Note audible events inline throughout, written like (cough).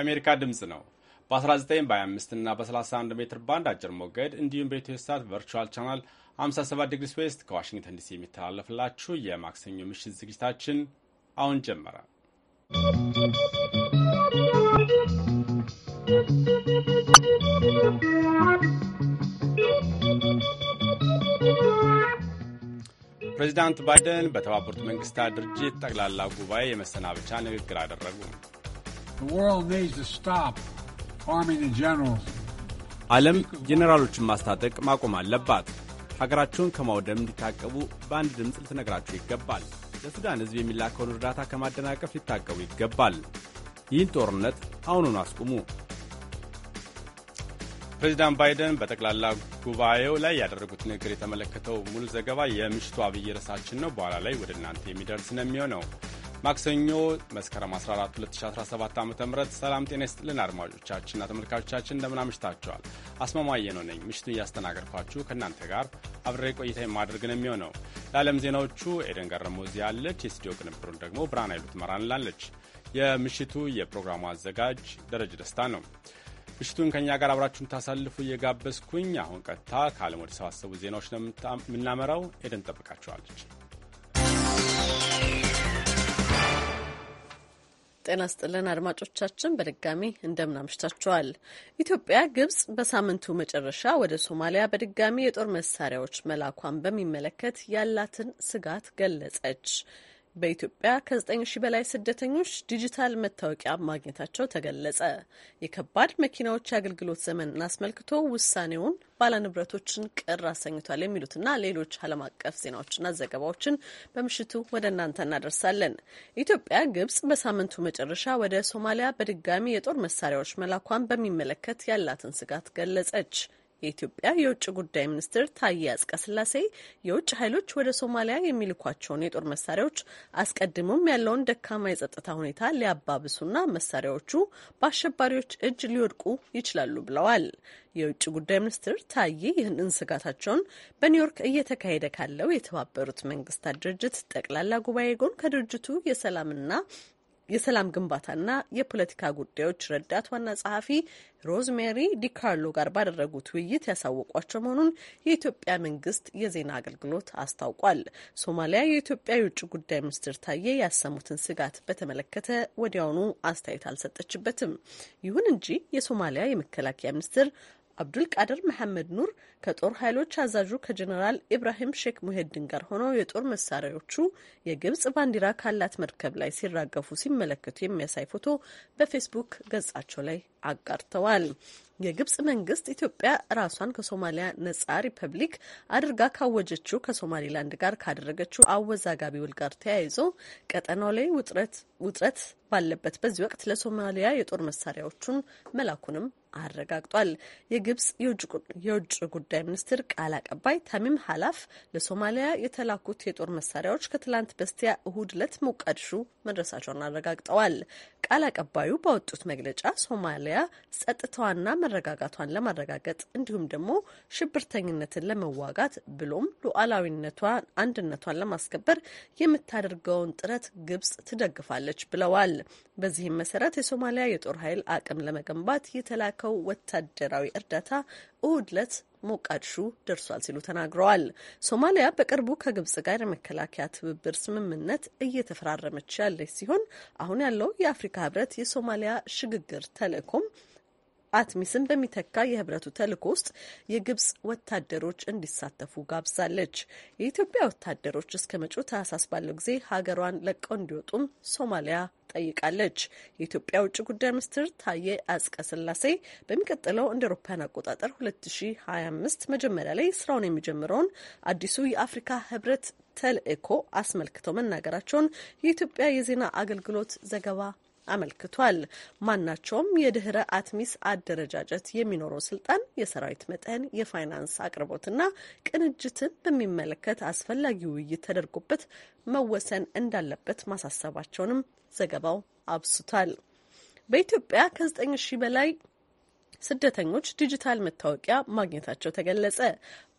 የአሜሪካ ድምፅ ነው። በ19 በ25 እና በ31 ሜትር ባንድ አጭር ሞገድ እንዲሁም በኢትዮ ሳት ቨርቹዋል ቻናል 57 ዲግሪስ ዌስት ከዋሽንግተን ዲሲ የሚተላለፍላችሁ የማክሰኞ ምሽት ዝግጅታችን አሁን ጀመረ። ፕሬዚዳንት ባይደን በተባበሩት መንግስታት ድርጅት ጠቅላላ ጉባኤ የመሰናበቻ ንግግር አደረጉ። ዓለም ጄኔራሎችን ማስታጠቅ ማቆም አለባት። ሀገራቸውን ከማውደም እንዲታቀቡ በአንድ ድምፅ ልትነግራቸው ይገባል። ለሱዳን ሕዝብ የሚላከውን እርዳታ ከማደናቀፍ ሊታቀቡ ይገባል። ይህን ጦርነት አሁኑን አስቁሙ። ፕሬዚዳንት ባይደን በጠቅላላ ጉባኤው ላይ ያደረጉት ንግግር የተመለከተው ሙሉ ዘገባ የምሽቱ አብይ ርዕሳችን ነው። በኋላ ላይ ወደ እናንተ የሚደርስ ነው የሚሆነው። ማክሰኞ መስከረም 14 2017 ዓ ም ሰላም ጤና ይስጥልን አድማጮቻችንና ተመልካቾቻችን እንደምን አምሽታችኋል። አስማማየ ነው ነኝ ምሽቱን እያስተናገድኳችሁ ከእናንተ ጋር አብሬ ቆይታ የማድረግ ነው የሚሆነው። ለዓለም ዜናዎቹ ኤደን ገረሞዚ ያለች፣ የስቱዲዮ ቅንብሩን ደግሞ ብርሃን ኃይሉ ትመራንላለች። የምሽቱ የፕሮግራሙ አዘጋጅ ደረጀ ደስታ ነው። ምሽቱን ከእኛ ጋር አብራችሁን ታሳልፉ እየጋበዝኩኝ አሁን ቀጥታ ከዓለም ወደ ሰባሰቡ ዜናዎች ነው የምናመራው። ኤደን ጠብቃችኋለች። ጤና ስጥልን አድማጮቻችን፣ በድጋሚ እንደምናምሽታችኋል። ኢትዮጵያ ግብጽ በሳምንቱ መጨረሻ ወደ ሶማሊያ በድጋሚ የጦር መሳሪያዎች መላኳን በሚመለከት ያላትን ስጋት ገለጸች። በኢትዮጵያ ከ9 ሺ በላይ ስደተኞች ዲጂታል መታወቂያ ማግኘታቸው ተገለጸ። የከባድ መኪናዎች የአገልግሎት ዘመንን አስመልክቶ ውሳኔውን ባለንብረቶችን ቅር አሰኝቷል። የሚሉትና ሌሎች ዓለም አቀፍ ዜናዎችና ዘገባዎችን በምሽቱ ወደ እናንተ እናደርሳለን። ኢትዮጵያ ግብጽ በሳምንቱ መጨረሻ ወደ ሶማሊያ በድጋሚ የጦር መሳሪያዎች መላኳን በሚመለከት ያላትን ስጋት ገለጸች። የኢትዮጵያ የውጭ ጉዳይ ሚኒስትር ታዬ አጽቀሥላሴ የውጭ ኃይሎች ወደ ሶማሊያ የሚልኳቸውን የጦር መሳሪያዎች አስቀድሞም ያለውን ደካማ የጸጥታ ሁኔታ ሊያባብሱና መሳሪያዎቹ በአሸባሪዎች እጅ ሊወድቁ ይችላሉ ብለዋል። የውጭ ጉዳይ ሚኒስትር ታዬ ይህንን ስጋታቸውን በኒውዮርክ እየተካሄደ ካለው የተባበሩት መንግስታት ድርጅት ጠቅላላ ጉባኤ ጎን ከድርጅቱ የሰላምና የሰላም ግንባታና የፖለቲካ ጉዳዮች ረዳት ዋና ጸሐፊ ሮዝሜሪ ዲካርሎ ጋር ባደረጉት ውይይት ያሳወቋቸው መሆኑን የኢትዮጵያ መንግስት የዜና አገልግሎት አስታውቋል። ሶማሊያ የኢትዮጵያ የውጭ ጉዳይ ሚኒስትር ታዬ ያሰሙትን ስጋት በተመለከተ ወዲያውኑ አስተያየት አልሰጠችበትም። ይሁን እንጂ የሶማሊያ የመከላከያ ሚኒስትር አብዱልቃድር መሐመድ ኑር ከጦር ኃይሎች አዛዡ ከጀኔራል ኢብራሂም ሼክ ሙሄድን ጋር ሆነው የጦር መሳሪያዎቹ የግብጽ ባንዲራ ካላት መርከብ ላይ ሲራገፉ ሲመለከቱ የሚያሳይ ፎቶ በፌስቡክ ገጻቸው ላይ አጋርተዋል። የግብጽ መንግስት ኢትዮጵያ ራሷን ከሶማሊያ ነጻ ሪፐብሊክ አድርጋ ካወጀችው ከሶማሊላንድ ጋር ካደረገችው አወዛጋቢ ውል ጋር ተያይዞ ቀጠናው ላይ ውጥረት ባለበት በዚህ ወቅት ለሶማሊያ የጦር መሳሪያዎቹን መላኩንም አረጋግጧል። የግብጽ የውጭ ጉዳይ ሚኒስትር ቃል አቀባይ ታሚም ሀላፍ ለሶማሊያ የተላኩት የጦር መሳሪያዎች ከትላንት በስቲያ እሁድ ዕለት ሞቃዲሾ መድረሳቸውን አረጋግጠዋል። ቃል አቀባዩ ባወጡት መግለጫ ሶማሊያ ጸጥታዋና መረጋጋቷን ለማረጋገጥ እንዲሁም ደግሞ ሽብርተኝነትን ለመዋጋት ብሎም ሉዓላዊነቷን፣ አንድነቷን ለማስከበር የምታደርገውን ጥረት ግብጽ ትደግፋለች ብለዋል። በዚህም መሰረት የሶማሊያ የጦር ኃይል አቅም ለመገንባት የተላከ የተላከው ወታደራዊ እርዳታ እሁድ ዕለት ሞቃዲሾ ደርሷል ሲሉ ተናግረዋል። ሶማሊያ በቅርቡ ከግብጽ ጋር የመከላከያ ትብብር ስምምነት እየተፈራረመች ያለች ሲሆን አሁን ያለው የአፍሪካ ህብረት የሶማሊያ ሽግግር ተልእኮም አትሚስን በሚተካ የህብረቱ ተልእኮ ውስጥ የግብጽ ወታደሮች እንዲሳተፉ ጋብዛለች። የኢትዮጵያ ወታደሮች እስከ መጪው ታህሳስ ባለው ጊዜ ሀገሯን ለቀው እንዲወጡም ሶማሊያ ጠይቃለች። የኢትዮጵያ ውጭ ጉዳይ ሚኒስትር ታዬ አጽቀ ስላሴ በሚቀጥለው እንደ አውሮፓውያን አቆጣጠር 2025 መጀመሪያ ላይ ስራውን የሚጀምረውን አዲሱ የአፍሪካ ህብረት ተልእኮ አስመልክተው መናገራቸውን የኢትዮጵያ የዜና አገልግሎት ዘገባ አመልክቷል። ማናቸውም የድህረ አትሚስ አደረጃጀት የሚኖረው ስልጣን የሰራዊት መጠን፣ የፋይናንስ አቅርቦትና ቅንጅትን በሚመለከት አስፈላጊ ውይይት ተደርጎበት መወሰን እንዳለበት ማሳሰባቸውንም ዘገባው አብስቷል። በኢትዮጵያ ከ9 ሺህ በላይ ስደተኞች ዲጂታል መታወቂያ ማግኘታቸው ተገለጸ።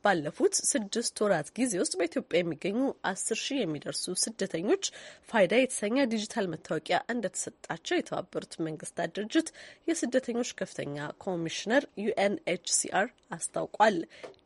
ባለፉት ስድስት ወራት ጊዜ ውስጥ በኢትዮጵያ የሚገኙ አስር ሺህ የሚደርሱ ስደተኞች ፋይዳ የተሰኘ ዲጂታል መታወቂያ እንደተሰጣቸው የተባበሩት መንግስታት ድርጅት የስደተኞች ከፍተኛ ኮሚሽነር ዩኤንኤችሲአር አስታውቋል።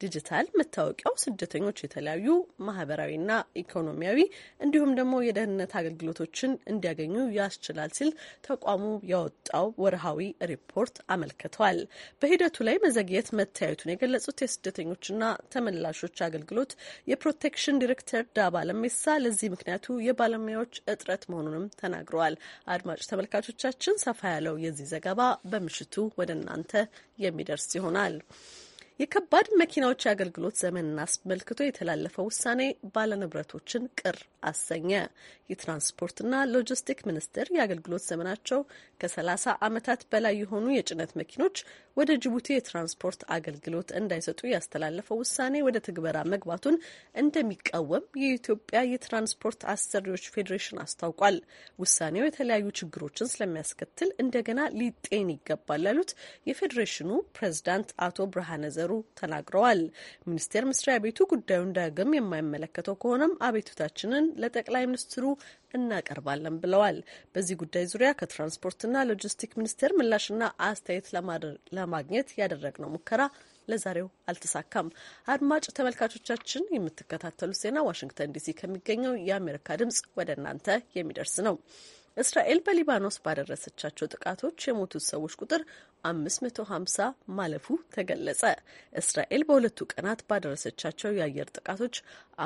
ዲጂታል መታወቂያው ስደተኞች የተለያዩ ማህበራዊና ኢኮኖሚያዊ እንዲሁም ደግሞ የደህንነት አገልግሎቶችን እንዲያገኙ ያስችላል ሲል ተቋሙ ያወጣው ወርሃዊ ሪፖርት አመልክተዋል። በሂደቱ ላይ መዘግየት መታየቱን የገለጹት የስደተኞችና ተመላሾች አገልግሎት የፕሮቴክሽን ዲሬክተር ዳባ ለሜሳ ለዚህ ምክንያቱ የባለሙያዎች እጥረት መሆኑንም ተናግረዋል። አድማጭ ተመልካቾቻችን ሰፋ ያለው የዚህ ዘገባ በምሽቱ ወደ እናንተ የሚደርስ ይሆናል። የከባድ መኪናዎች የአገልግሎት ዘመንን አስመልክቶ የተላለፈው ውሳኔ ባለንብረቶችን ቅር አሰኘ። የትራንስፖርትና ሎጂስቲክ ሚኒስቴር የአገልግሎት ዘመናቸው ከ30 ዓመታት በላይ የሆኑ የጭነት መኪኖች ወደ ጅቡቲ የትራንስፖርት አገልግሎት እንዳይሰጡ ያስተላለፈው ውሳኔ ወደ ትግበራ መግባቱን እንደሚቃወም የኢትዮጵያ የትራንስፖርት አሰሪዎች ፌዴሬሽን አስታውቋል። ውሳኔው የተለያዩ ችግሮችን ስለሚያስከትል እንደገና ሊጤን ይገባል ያሉት የፌዴሬሽኑ ፕሬዝዳንት አቶ ብርሃነ ዘሩ ተናግረዋል። ሚኒስቴር መስሪያ ቤቱ ጉዳዩን ዳግም የማይመለከተው ከሆነም አቤቱታችንን ለጠቅላይ ሚኒስትሩ እናቀርባለን ብለዋል። በዚህ ጉዳይ ዙሪያ ከትራንስፖርትና ሎጂስቲክ ሚኒስቴር ምላሽና አስተያየት ለማግኘት ያደረግነው ሙከራ ለዛሬው አልተሳካም። አድማጭ ተመልካቾቻችን የምትከታተሉት ዜና ዋሽንግተን ዲሲ ከሚገኘው የአሜሪካ ድምጽ ወደ እናንተ የሚደርስ ነው። እስራኤል በሊባኖስ ባደረሰቻቸው ጥቃቶች የሞቱት ሰዎች ቁጥር 550 ማለፉ ተገለጸ። እስራኤል በሁለቱ ቀናት ባደረሰቻቸው የአየር ጥቃቶች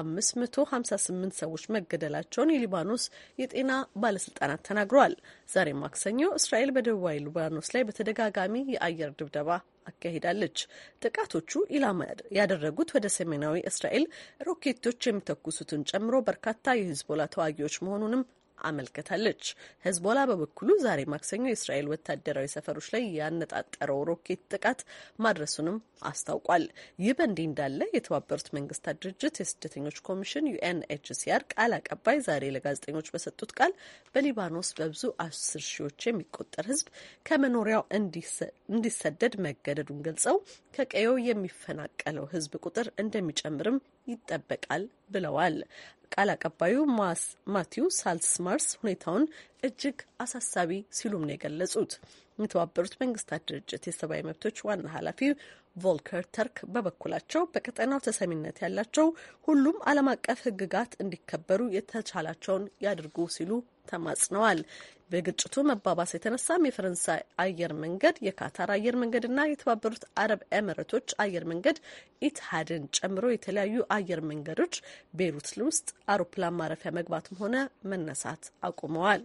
558 ሰዎች መገደላቸውን የሊባኖስ የጤና ባለስልጣናት ተናግረዋል። ዛሬ ማክሰኞ እስራኤል በደቡባዊ ሊባኖስ ላይ በተደጋጋሚ የአየር ድብደባ አካሂዳለች። ጥቃቶቹ ኢላማ ያደረጉት ወደ ሰሜናዊ እስራኤል ሮኬቶች የሚተኩሱትን ጨምሮ በርካታ የሂዝቦላ ተዋጊዎች መሆኑንም አመልክታለች። ሄዝቦላ በበኩሉ ዛሬ ማክሰኞ የእስራኤል ወታደራዊ ሰፈሮች ላይ ያነጣጠረው ሮኬት ጥቃት ማድረሱንም አስታውቋል። ይህ በእንዲህ እንዳለ የተባበሩት መንግስታት ድርጅት የስደተኞች ኮሚሽን ዩኤንኤችሲአር ቃል አቀባይ ዛሬ ለጋዜጠኞች በሰጡት ቃል በሊባኖስ በብዙ አስር ሺዎች የሚቆጠር ህዝብ ከመኖሪያው እንዲሰደድ መገደዱን ገልጸው ከቀየው የሚፈናቀለው ህዝብ ቁጥር እንደሚጨምርም ይጠበቃል ብለዋል። ቃል አቀባዩ ማቲው ሳልስማርስ ሁኔታውን እጅግ አሳሳቢ ሲሉም ነው የገለጹት። የተባበሩት መንግስታት ድርጅት የሰብአዊ መብቶች ዋና ኃላፊ ቮልከር ተርክ በበኩላቸው በቀጠናው ተሰሚነት ያላቸው ሁሉም ዓለም አቀፍ ሕግጋት እንዲከበሩ የተቻላቸውን ያድርጉ ሲሉ ተማጽነዋል። በግጭቱ መባባስ የተነሳም የፈረንሳይ አየር መንገድ፣ የካታር አየር መንገድና የተባበሩት አረብ ኤምሬቶች አየር መንገድ ኢትሃድን ጨምሮ የተለያዩ አየር መንገዶች ቤይሩት ውስጥ አውሮፕላን ማረፊያ መግባትም ሆነ መነሳት አቁመዋል።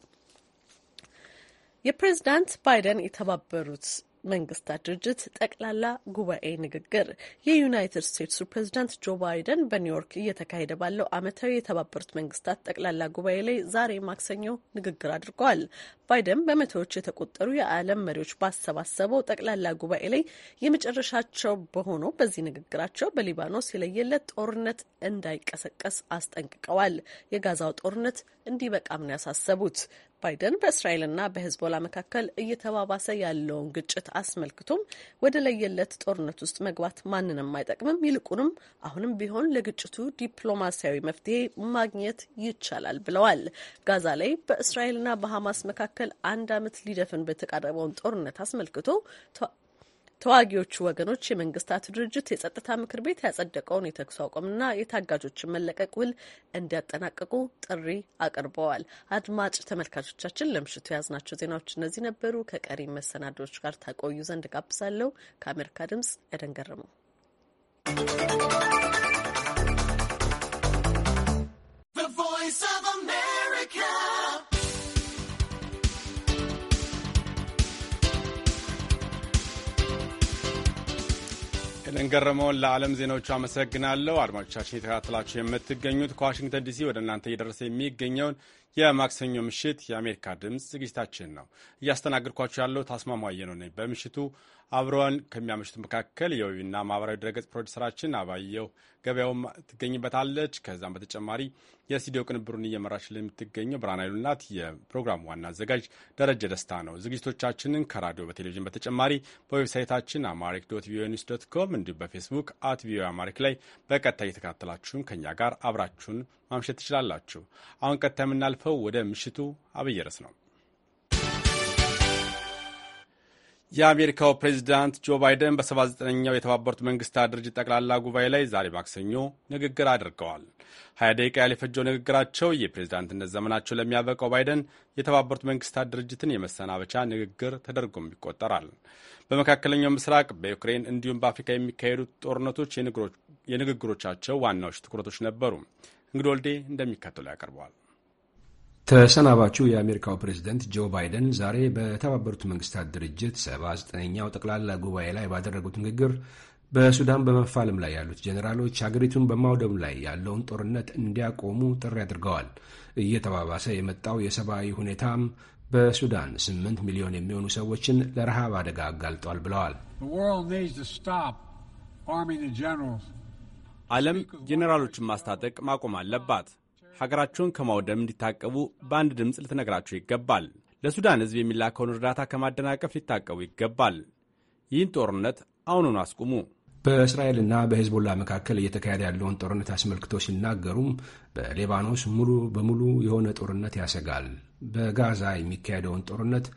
የፕሬዚዳንት ባይደን የተባበሩት መንግስታት ድርጅት ጠቅላላ ጉባኤ ንግግር የዩናይትድ ስቴትሱ ፕሬዚዳንት ጆ ባይደን በኒውዮርክ እየተካሄደ ባለው ዓመታዊ የተባበሩት መንግስታት ጠቅላላ ጉባኤ ላይ ዛሬ ማክሰኞ ንግግር አድርገዋል። ባይደን በመቶዎች የተቆጠሩ የዓለም መሪዎች ባሰባሰበው ጠቅላላ ጉባኤ ላይ የመጨረሻቸው በሆነው በዚህ ንግግራቸው በሊባኖስ የለየለት ጦርነት እንዳይቀሰቀስ አስጠንቅቀዋል። የጋዛው ጦርነት እንዲበቃም ነው ያሳሰቡት። ባይደን በእስራኤልና በሄዝቦላ መካከል እየተባባሰ ያለውን ግጭት አስመልክቶም ወደ ለየለት ጦርነት ውስጥ መግባት ማንንም አይጠቅምም፣ ይልቁንም አሁንም ቢሆን ለግጭቱ ዲፕሎማሲያዊ መፍትሄ ማግኘት ይቻላል ብለዋል። ጋዛ ላይ በእስራኤልና በሐማስ መካከል አንድ ዓመት ሊደፍን በተቃረበውን ጦርነት አስመልክቶ ተዋጊዎቹ ወገኖች የመንግስታቱ ድርጅት የጸጥታ ምክር ቤት ያጸደቀውን የተኩስ አቁምና የታጋጆችን መለቀቅ ውል እንዲያጠናቀቁ ጥሪ አቅርበዋል። አድማጭ ተመልካቾቻችን ለምሽቱ የያዝናቸው ዜናዎች እነዚህ ነበሩ። ከቀሪ መሰናዶዎች ጋር ታቆዩ ዘንድ ጋብዛለሁ። ከአሜሪካ ድምጽ ኤደን ገረመው ገረመውን ለዓለም ዜናዎቹ አመሰግናለሁ። አድማጮቻችን የተከታተላችሁ የምትገኙት ከዋሽንግተን ዲሲ ወደ እናንተ እየደረሰ የሚገኘውን የማክሰኞ ምሽት የአሜሪካ ድምፅ ዝግጅታችን ነው። እያስተናገድኳችሁ ያለው ታስማማየ ነው ነኝ። በምሽቱ አብረን ከሚያመሽቱ መካከል የዊና ማህበራዊ ድረገጽ ፕሮዲሰራችን አባየው ገበያውም ትገኝበታለች። ከዛም በተጨማሪ የስቱዲዮ ቅንብሩን እየመራች የምትገኘው ብርሃን ናት። የፕሮግራሙ ዋና አዘጋጅ ደረጀ ደስታ ነው። ዝግጅቶቻችንን ከራዲዮ በቴሌቪዥን በተጨማሪ በዌብሳይታችን አማሪክ ዶት ቪኦኤ ኒውስ ዶት ኮም እንዲሁም በፌስቡክ አት ቪኦኤ አማሪክ ላይ በቀጥታ እየተከታተላችሁን ከእኛ ጋር አብራችሁን ማምሸት ትችላላችሁ። አሁን ቀጥታ የምናልፈው ወደ ምሽቱ አብይ ርዕስ ነው። የአሜሪካው ፕሬዚዳንት ጆ ባይደን በ79ኛው የተባበሩት መንግስታት ድርጅት ጠቅላላ ጉባኤ ላይ ዛሬ ማክሰኞ ንግግር አድርገዋል። ሀያ ደቂቃ ያልፈጀው ንግግራቸው የፕሬዚዳንትነት ዘመናቸው ለሚያበቃው ባይደን የተባበሩት መንግስታት ድርጅትን የመሰናበቻ ንግግር ተደርጎም ይቆጠራል። በመካከለኛው ምስራቅ፣ በዩክሬን እንዲሁም በአፍሪካ የሚካሄዱት ጦርነቶች የንግግሮቻቸው ዋናዎች ትኩረቶች ነበሩ። እንግዲ ወልዴ እንደሚከተለው ያቀርበዋል። ተሰናባቹ የአሜሪካው ፕሬዝደንት ጆ ባይደን ዛሬ በተባበሩት መንግስታት ድርጅት 9 ኛው ጠቅላላ ጉባኤ ላይ ባደረጉት ንግግር በሱዳን በመፋለም ላይ ያሉት ጀኔራሎች ሀገሪቱን በማውደም ላይ ያለውን ጦርነት እንዲያቆሙ ጥሪ አድርገዋል። እየተባባሰ የመጣው የሰብአዊ ሁኔታም በሱዳን 8 ሚሊዮን የሚሆኑ ሰዎችን ለረሃብ አደጋ አጋልጧል ብለዋል። ዓለም ጄኔራሎችን ማስታጠቅ ማቆም አለባት። ሀገራቸውን ከማውደም እንዲታቀቡ በአንድ ድምፅ ልትነግራቸው ይገባል። ለሱዳን ሕዝብ የሚላከውን እርዳታ ከማደናቀፍ ሊታቀቡ ይገባል። ይህን ጦርነት አሁኑን አስቁሙ። በእስራኤልና በሄዝቦላ መካከል እየተካሄደ ያለውን ጦርነት አስመልክቶ ሲናገሩም በሌባኖስ ሙሉ በሙሉ የሆነ ጦርነት ያሰጋል፣ በጋዛ የሚካሄደውን ጦርነት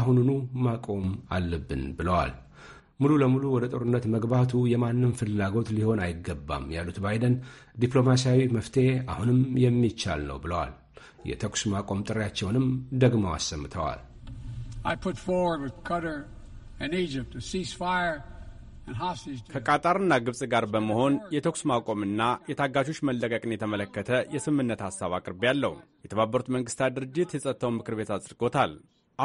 አሁኑኑ ማቆም አለብን ብለዋል። ሙሉ ለሙሉ ወደ ጦርነት መግባቱ የማንም ፍላጎት ሊሆን አይገባም ያሉት ባይደን ዲፕሎማሲያዊ መፍትሄ አሁንም የሚቻል ነው ብለዋል። የተኩስ ማቆም ጥሪያቸውንም ደግመው አሰምተዋል። ከቃጣርና ግብፅ ጋር በመሆን የተኩስ ማቆምና የታጋቾች መለቀቅን የተመለከተ የስምምነት ሐሳብ አቅርቤ ያለው የተባበሩት መንግስታት ድርጅት የጸጥታውን ምክር ቤት አጽድቆታል።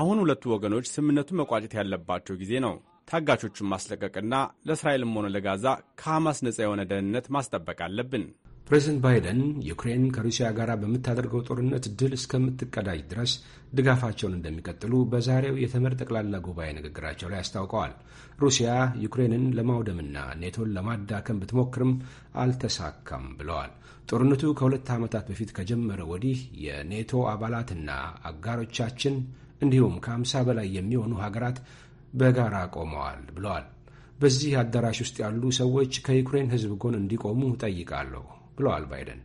አሁን ሁለቱ ወገኖች ስምምነቱን መቋጨት ያለባቸው ጊዜ ነው። ታጋቾቹን ማስለቀቅና ለእስራኤልም ሆነ ለጋዛ ከሐማስ ነጻ የሆነ ደህንነት ማስጠበቅ አለብን። ፕሬዚደንት ባይደን ዩክሬን ከሩሲያ ጋር በምታደርገው ጦርነት ድል እስከምትቀዳጅ ድረስ ድጋፋቸውን እንደሚቀጥሉ በዛሬው የተመድ ጠቅላላ ጉባኤ ንግግራቸው ላይ አስታውቀዋል። ሩሲያ ዩክሬንን ለማውደምና ኔቶን ለማዳከም ብትሞክርም አልተሳካም ብለዋል። ጦርነቱ ከሁለት ዓመታት በፊት ከጀመረ ወዲህ የኔቶ አባላትና አጋሮቻችን እንዲሁም ከ50 በላይ የሚሆኑ ሀገራት በጋራ ቆመዋል ብለዋል። በዚህ አዳራሽ ውስጥ ያሉ ሰዎች ከዩክሬን ሕዝብ ጎን እንዲቆሙ ጠይቃለሁ ብለዋል ባይደን።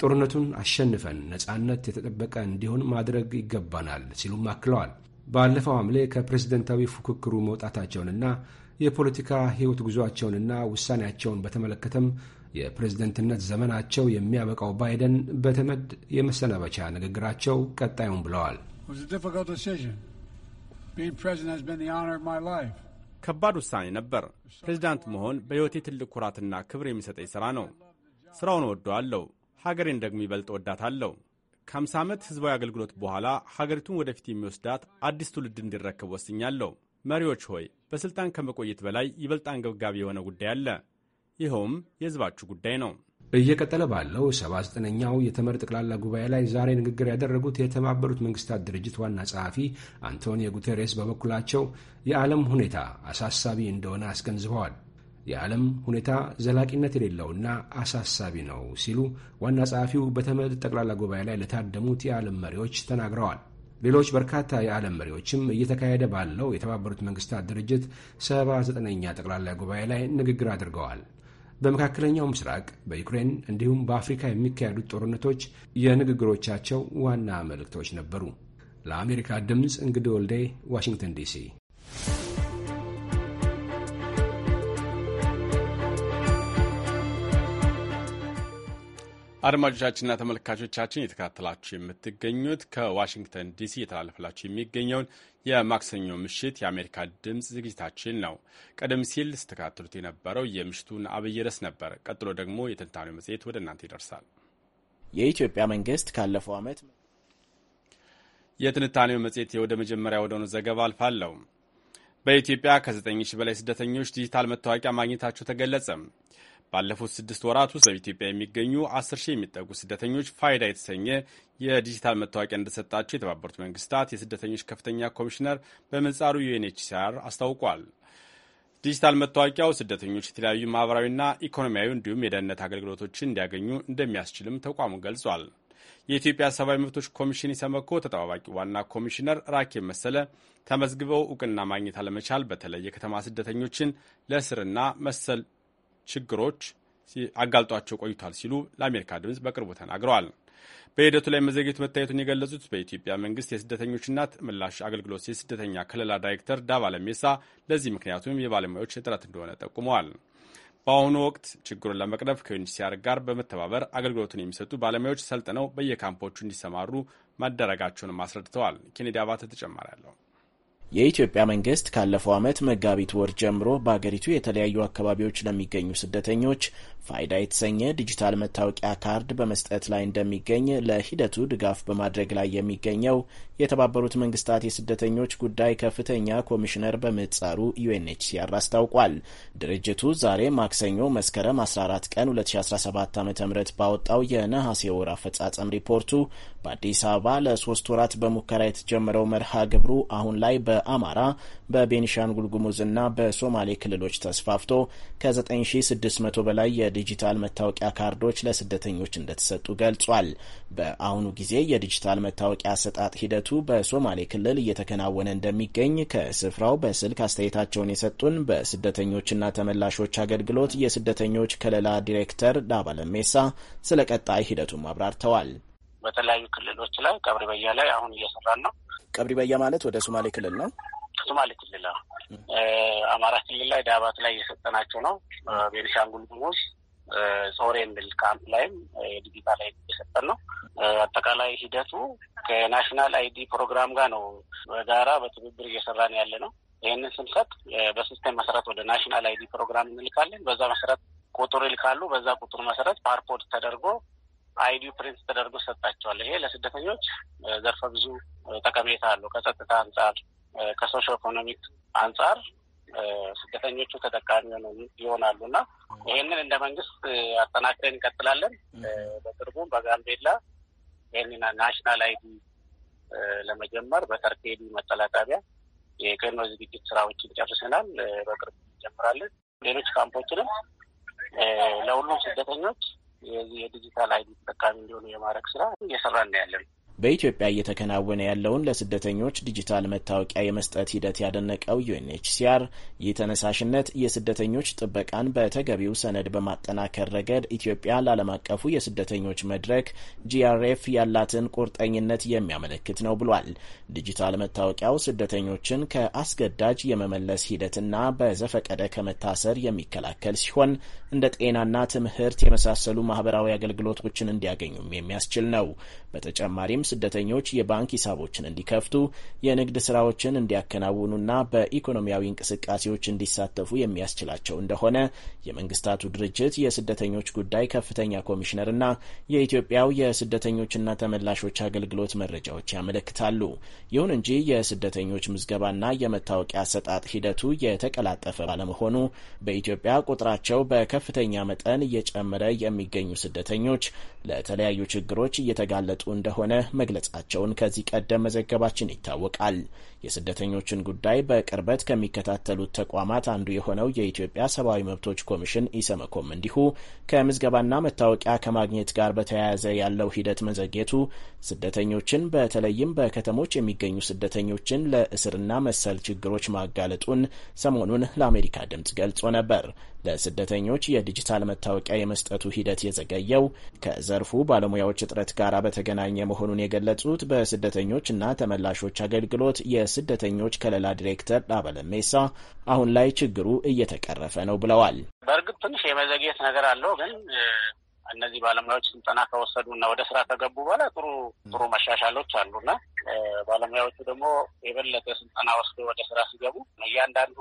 ጦርነቱን አሸንፈን ነጻነት የተጠበቀ እንዲሆን ማድረግ ይገባናል ሲሉም አክለዋል። ባለፈው ሐምሌ ከፕሬዝደንታዊ ፉክክሩ መውጣታቸውንና የፖለቲካ ሕይወት ጉዟቸውንና ውሳኔያቸውን በተመለከተም የፕሬዝደንትነት ዘመናቸው የሚያበቃው ባይደን በተመድ የመሰናበቻ ንግግራቸው ቀጣዩን ብለዋል። ከባድ ውሳኔ ነበር። ፕሬዚዳንት መሆን በሕይወቴ ትልቅ ኩራትና ክብር የሚሰጠኝ ሥራ ነው። ሥራውን ወደዋለሁ። ሀገሬን ደግሞ ይበልጥ ወዳታለሁ። ከ50 ዓመት ሕዝባዊ አገልግሎት በኋላ ሀገሪቱን ወደፊት የሚወስዳት አዲስ ትውልድ እንዲረከብ ወስኛለሁ። መሪዎች ሆይ በሥልጣን ከመቆየት በላይ ይበልጥ አንገብጋቢ የሆነ ጉዳይ አለ። ይኸውም የሕዝባችሁ ጉዳይ ነው። እየቀጠለ ባለው 79ኛው የተመድ ጠቅላላ ጉባኤ ላይ ዛሬ ንግግር ያደረጉት የተባበሩት መንግስታት ድርጅት ዋና ጸሐፊ አንቶኒዮ ጉቴሬስ በበኩላቸው የዓለም ሁኔታ አሳሳቢ እንደሆነ አስገንዝበዋል። የዓለም ሁኔታ ዘላቂነት የሌለውና አሳሳቢ ነው ሲሉ ዋና ጸሐፊው በተመድ ጠቅላላ ጉባኤ ላይ ለታደሙት የዓለም መሪዎች ተናግረዋል። ሌሎች በርካታ የዓለም መሪዎችም እየተካሄደ ባለው የተባበሩት መንግስታት ድርጅት 79ኛ ጠቅላላ ጉባኤ ላይ ንግግር አድርገዋል። በመካከለኛው ምስራቅ፣ በዩክሬን እንዲሁም በአፍሪካ የሚካሄዱት ጦርነቶች የንግግሮቻቸው ዋና መልእክቶች ነበሩ። ለአሜሪካ ድምፅ እንግዲህ ወልዴ ዋሽንግተን ዲሲ። አድማጮቻችንና ተመልካቾቻችን የተከታተላችሁ የምትገኙት ከዋሽንግተን ዲሲ የተላለፈላችሁ የሚገኘውን የማክሰኞ ምሽት የአሜሪካ ድምፅ ዝግጅታችን ነው። ቀደም ሲል ስተካተሉት የነበረው የምሽቱን አብይ ርዕስ ነበር። ቀጥሎ ደግሞ የትንታኔው መጽሔት ወደ እናንተ ይደርሳል። የኢትዮጵያ መንግስት ካለፈው ዓመት የትንታኔው መጽሔት ወደ መጀመሪያ ወደሆነ ዘገባ አልፋለሁ። በኢትዮጵያ ከ9 በላይ ስደተኞች ዲጂታል መታወቂያ ማግኘታቸው ተገለጸ። ባለፉት ስድስት ወራት ውስጥ በኢትዮጵያ የሚገኙ አስር ሺህ የሚጠጉ ስደተኞች ፋይዳ የተሰኘ የዲጂታል መታወቂያ እንደሰጣቸው የተባበሩት መንግስታት የስደተኞች ከፍተኛ ኮሚሽነር በምህጻሩ ዩኤንኤችሲአር አስታውቋል። ዲጂታል መታወቂያው ስደተኞች የተለያዩ ማህበራዊና ኢኮኖሚያዊ እንዲሁም የደህንነት አገልግሎቶችን እንዲያገኙ እንደሚያስችልም ተቋሙ ገልጿል። የኢትዮጵያ ሰብአዊ መብቶች ኮሚሽን ኢሰመኮ ተጠባባቂ ዋና ኮሚሽነር ራኬብ መሰለ ተመዝግበው እውቅና ማግኘት አለመቻል በተለይ የከተማ ስደተኞችን ለእስርና መሰል ችግሮች አጋልጧቸው ቆይቷል ሲሉ ለአሜሪካ ድምፅ በቅርቡ ተናግረዋል። በሂደቱ ላይ መዘግየት መታየቱን የገለጹት በኢትዮጵያ መንግስት የስደተኞችና ምላሽ አገልግሎት የስደተኛ ከለላ ዳይሬክተር ዳባ ለሜሳ ለዚህ ምክንያቱም የባለሙያዎች እጥረት እንደሆነ ጠቁመዋል። በአሁኑ ወቅት ችግሩን ለመቅረፍ ከዩኒሲያር ጋር በመተባበር አገልግሎቱን የሚሰጡ ባለሙያዎች ሰልጥነው በየካምፖቹ እንዲሰማሩ ማደረጋቸውንም አስረድተዋል። ኬኔዲ አባተ ተጨማሪ አለው የኢትዮጵያ መንግስት ካለፈው ዓመት መጋቢት ወር ጀምሮ በአገሪቱ የተለያዩ አካባቢዎች ለሚገኙ ስደተኞች ፋይዳ የተሰኘ ዲጂታል መታወቂያ ካርድ በመስጠት ላይ እንደሚገኝ ለሂደቱ ድጋፍ በማድረግ ላይ የሚገኘው የተባበሩት መንግስታት የስደተኞች ጉዳይ ከፍተኛ ኮሚሽነር በምህጻሩ ዩኤንኤችሲአር አስታውቋል። ድርጅቱ ዛሬ ማክሰኞ መስከረም 14 ቀን 2017 ዓ ም ባወጣው የነሐሴ ወር አፈጻጸም ሪፖርቱ በአዲስ አበባ ለሶስት ወራት በሙከራ የተጀመረው መርሃ ግብሩ አሁን ላይ በ በአማራ በቤኒሻንጉል እና በሶማሌ ክልሎች ተስፋፍቶ ከ9600 በላይ የዲጂታል መታወቂያ ካርዶች ለስደተኞች እንደተሰጡ ገልጿል። በአሁኑ ጊዜ የዲጂታል መታወቂያ አሰጣጥ ሂደቱ በሶማሌ ክልል እየተከናወነ እንደሚገኝ ከስፍራው በስልክ አስተያየታቸውን የሰጡን በስደተኞችና ተመላሾች አገልግሎት የስደተኞች ከለላ ዲሬክተር ዳባለሜሳ ስለ ቀጣይ ሂደቱም አብራርተዋል። በተለያዩ ክልሎች ላይ ቀብሪ በያ ላይ አሁን እየሰራን ነው። ቀብሪ በያ ማለት ወደ ሶማሌ ክልል ነው። ሶማሌ ክልል አማራ ክልል ላይ ዳባት ላይ እየሰጠናቸው ነው። ቤኒሻንጉል ጉሙዝ ሶሬ የሚል ካምፕ ላይም የዲጂታል አይዲ እየሰጠን ነው። አጠቃላይ ሂደቱ ከናሽናል አይዲ ፕሮግራም ጋር ነው በጋራ በትብብር እየሰራን ያለ ነው። ይህንን ስንሰጥ በሲስተም መሰረት ወደ ናሽናል አይዲ ፕሮግራም እንልካለን። በዛ መሰረት ቁጥር ይልካሉ። በዛ ቁጥር መሰረት ፓርፖርት ተደርጎ አይዲው ፕሪንት ተደርጎ ሰጣቸዋል። ይሄ ለስደተኞች ዘርፈ ብዙ ጠቀሜታ አለው። ከጸጥታ አንጻር፣ ከሶሽ ኢኮኖሚክ አንጻር ስደተኞቹ ተጠቃሚ ይሆናሉ እና ይህንን እንደ መንግስት አጠናክረን እንቀጥላለን። በቅርቡም በጋምቤላ ይህንን ናሽናል አይዲ ለመጀመር በተርኬዲ መጠላጣቢያ ጣቢያ ዝግጅት ስራዎችን ጨርሰናል። በቅርቡ እንጀምራለን። ሌሎች ካምፖችንም ለሁሉም ስደተኞች የዲጂታል አይዲ ተጠቃሚ እንዲሆኑ የማድረግ ስራ እየሰራን ነው ያለን። በኢትዮጵያ እየተከናወነ ያለውን ለስደተኞች ዲጂታል መታወቂያ የመስጠት ሂደት ያደነቀው ዩኤንኤችሲአር ይህ ተነሳሽነት የስደተኞች ጥበቃን በተገቢው ሰነድ በማጠናከር ረገድ ኢትዮጵያ ለዓለም አቀፉ የስደተኞች መድረክ ጂአርኤፍ ያላትን ቁርጠኝነት የሚያመለክት ነው ብሏል። ዲጂታል መታወቂያው ስደተኞችን ከአስገዳጅ የመመለስ ሂደትና በዘፈቀደ ከመታሰር የሚከላከል ሲሆን እንደ ጤናና ትምህርት የመሳሰሉ ማህበራዊ አገልግሎቶችን እንዲያገኙም የሚያስችል ነው። በተጨማሪም ስደተኞች የባንክ ሂሳቦችን እንዲከፍቱ፣ የንግድ ስራዎችን እንዲያከናውኑና በኢኮኖሚያዊ እንቅስቃሴዎች እንዲሳተፉ የሚያስችላቸው እንደሆነ የመንግስታቱ ድርጅት የስደተኞች ጉዳይ ከፍተኛ ኮሚሽነርና የኢትዮጵያው የስደተኞችና ተመላሾች አገልግሎት መረጃዎች ያመለክታሉ። ይሁን እንጂ የስደተኞች ምዝገባና የመታወቂያ አሰጣጥ ሂደቱ የተቀላጠፈ ባለመሆኑ በኢትዮጵያ ቁጥራቸው በከፍተኛ መጠን እየጨመረ የሚገኙ ስደተኞች ለተለያዩ ችግሮች እየተጋለጡ እንደሆነ መግለጻቸውን ከዚህ ቀደም መዘገባችን ይታወቃል። የስደተኞችን ጉዳይ በቅርበት ከሚከታተሉት ተቋማት አንዱ የሆነው የኢትዮጵያ ሰብአዊ መብቶች ኮሚሽን ኢሰመኮም እንዲሁ ከምዝገባና መታወቂያ ከማግኘት ጋር በተያያዘ ያለው ሂደት መዘግየቱ ስደተኞችን በተለይም በከተሞች የሚገኙ ስደተኞችን ለእስርና መሰል ችግሮች ማጋለጡን ሰሞኑን ለአሜሪካ ድምጽ ገልጾ ነበር። ለስደተኞች የዲጂታል መታወቂያ የመስጠቱ ሂደት የዘገየው ከዘርፉ ባለሙያዎች እጥረት ጋር በተገናኘ መሆኑን የገለጹት በስደተኞች እና ተመላሾች አገልግሎት የስደተኞች ከለላ ዲሬክተር ዳበለ ሜሳ አሁን ላይ ችግሩ እየተቀረፈ ነው ብለዋል። በእርግጥ ትንሽ የመዘግየት ነገር አለው ግን እነዚህ ባለሙያዎች ስልጠና ከወሰዱ እና ወደ ስራ ከገቡ በኋላ ጥሩ ጥሩ መሻሻሎች አሉና ባለሙያዎቹ ደግሞ የበለጠ ስልጠና ወስዶ ወደ ስራ ሲገቡ እያንዳንዱ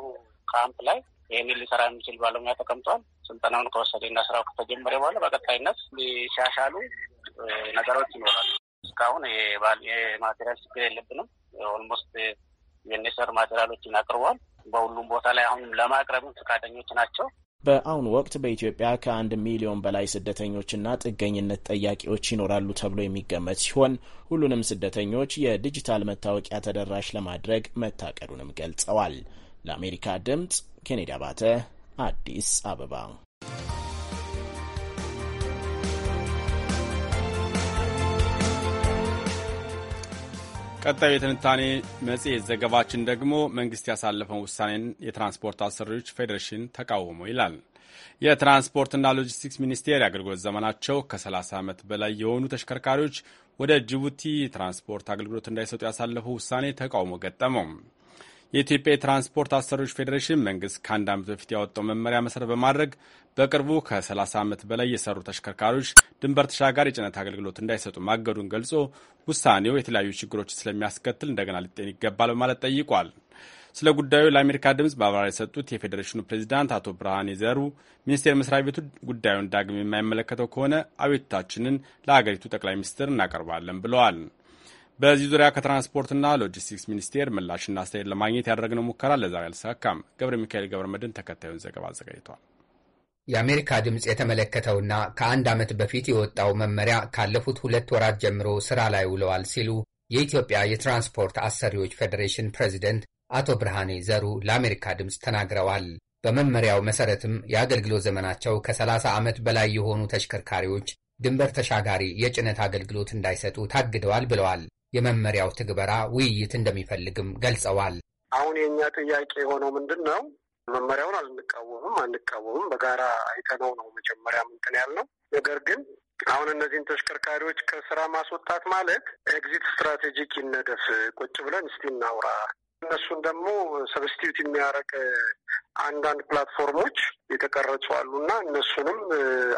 ካምፕ ላይ ይህንን ሊሰራ የሚችል ባለሙያ ተቀምጧል። ስልጠናውን ከወሰደና ስራው ከተጀመረ በኋላ በቀጣይነት ሊሻሻሉ ነገሮች ይኖራሉ። እስካሁን የማቴሪያል ችግር የለብንም። ኦልሞስት የኔሰር ማቴሪያሎችን አቅርቧል። በሁሉም ቦታ ላይ አሁን ለማቅረብ ፈቃደኞች ናቸው። በአሁኑ ወቅት በኢትዮጵያ ከአንድ ሚሊዮን በላይ ስደተኞችና ጥገኝነት ጠያቂዎች ይኖራሉ ተብሎ የሚገመት ሲሆን ሁሉንም ስደተኞች የዲጂታል መታወቂያ ተደራሽ ለማድረግ መታቀዱንም ገልጸዋል። ለአሜሪካ ድምጽ ኬኔዲ አባተ አዲስ አበባ ቀጣዩ የትንታኔ መጽሔት ዘገባችን ደግሞ መንግስት ያሳለፈውን ውሳኔን የትራንስፖርት አሰሪዎች ፌዴሬሽን ተቃውሞ ይላል። የትራንስፖርትና ሎጂስቲክስ ሚኒስቴር የአገልግሎት ዘመናቸው ከ30 ዓመት በላይ የሆኑ ተሽከርካሪዎች ወደ ጅቡቲ ትራንስፖርት አገልግሎት እንዳይሰጡ ያሳለፈው ውሳኔ ተቃውሞ ገጠመው። የኢትዮጵያ የትራንስፖርት አሰሪዎች ፌዴሬሽን መንግስት ከአንድ ዓመት በፊት ያወጣው መመሪያ መሰረት በማድረግ በቅርቡ ከ30 ዓመት በላይ የሰሩ ተሽከርካሪዎች ድንበር ተሻጋሪ የጭነት አገልግሎት እንዳይሰጡ ማገዱን ገልጾ ውሳኔው የተለያዩ ችግሮችን ስለሚያስከትል እንደገና ሊጤን ይገባል በማለት ጠይቋል። ስለ ጉዳዩ ለአሜሪካ ድምፅ ማብራሪያ የሰጡት የፌዴሬሽኑ ፕሬዚዳንት አቶ ብርሃኔ ዘሩ ሚኒስቴር መስሪያ ቤቱ ጉዳዩን ዳግም የማይመለከተው ከሆነ አቤቱታችንን ለአገሪቱ ጠቅላይ ሚኒስትር እናቀርባለን ብለዋል። በዚህ ዙሪያ ከትራንስፖርትና ሎጂስቲክስ ሚኒስቴር ምላሽና አስተያየት ለማግኘት ያደረግነው ሙከራ ለዛሬ አልተሳካም። ገብረ ሚካኤል ገብረ መድን ተከታዩን ዘገባ አዘጋጅቷል። የአሜሪካ ድምፅ የተመለከተውና ከአንድ ዓመት በፊት የወጣው መመሪያ ካለፉት ሁለት ወራት ጀምሮ ስራ ላይ ውለዋል ሲሉ የኢትዮጵያ የትራንስፖርት አሰሪዎች ፌዴሬሽን ፕሬዚደንት አቶ ብርሃኔ ዘሩ ለአሜሪካ ድምፅ ተናግረዋል። በመመሪያው መሰረትም የአገልግሎት ዘመናቸው ከ30 ዓመት በላይ የሆኑ ተሽከርካሪዎች ድንበር ተሻጋሪ የጭነት አገልግሎት እንዳይሰጡ ታግደዋል ብለዋል። የመመሪያው ትግበራ ውይይት እንደሚፈልግም ገልጸዋል። አሁን የእኛ ጥያቄ የሆነው ምንድን ነው? መመሪያውን አልንቃወምም አንቃወምም፣ በጋራ አይተነው ነው መጀመሪያ ምንትን ያልነው። ነገር ግን አሁን እነዚህን ተሽከርካሪዎች ከስራ ማስወጣት ማለት ኤግዚት ስትራቴጂክ ይነደፍ፣ ቁጭ ብለን እስቲ እናውራ እነሱን ደግሞ ሰብስቲዩት የሚያደርግ አንዳንድ ፕላትፎርሞች የተቀረጹ አሉ እነሱንም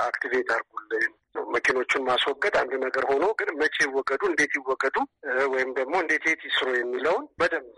አክቲቬት አድርጉልን። መኪኖቹን ማስወገድ አንድ ነገር ሆኖ ግን መቼ ይወገዱ፣ እንዴት ይወገዱ፣ ወይም ደግሞ እንዴት የት ይስሩ የሚለውን በደንብ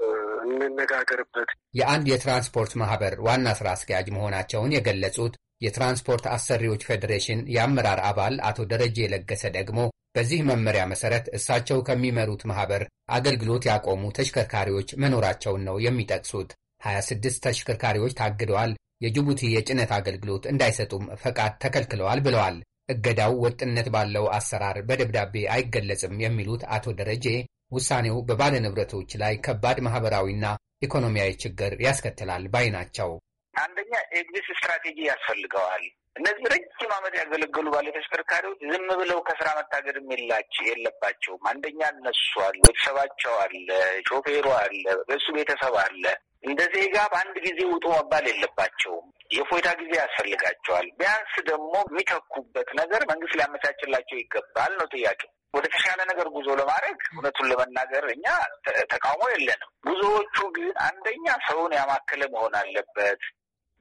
እንነጋገርበት። የአንድ የትራንስፖርት ማህበር ዋና ስራ አስኪያጅ መሆናቸውን የገለጹት የትራንስፖርት አሰሪዎች ፌዴሬሽን የአመራር አባል አቶ ደረጀ የለገሰ ደግሞ በዚህ መመሪያ መሰረት እሳቸው ከሚመሩት ማህበር አገልግሎት ያቆሙ ተሽከርካሪዎች መኖራቸውን ነው የሚጠቅሱት። 26 ተሽከርካሪዎች ታግደዋል፣ የጅቡቲ የጭነት አገልግሎት እንዳይሰጡም ፈቃድ ተከልክለዋል ብለዋል። እገዳው ወጥነት ባለው አሰራር በደብዳቤ አይገለጽም የሚሉት አቶ ደረጄ ውሳኔው በባለ ንብረቶች ላይ ከባድ ማህበራዊና ኢኮኖሚያዊ ችግር ያስከትላል ባይ ናቸው። አንደኛ ኤግዚት ስትራቴጂ ያስፈልገዋል። እነዚህ ረጅም ዓመት ያገለገሉ ባለ ተሽከርካሪዎች ዝም ብለው ከስራ መታገድም የላቸው የለባቸውም። አንደኛ እነሱ አሉ፣ ቤተሰባቸው አለ፣ ሾፌሩ አለ፣ በሱ ቤተሰብ አለ። እንደ ዜጋ በአንድ ጊዜ ውጡ መባል የለባቸውም። የፎይታ ጊዜ ያስፈልጋቸዋል። ቢያንስ ደግሞ የሚተኩበት ነገር መንግስት ሊያመቻችላቸው ይገባል ነው ጥያቄው። ወደ ተሻለ ነገር ጉዞ ለማድረግ እውነቱን ለመናገር እኛ ተቃውሞ የለንም። ጉዞዎቹ ግን አንደኛ ሰውን ያማከለ መሆን አለበት።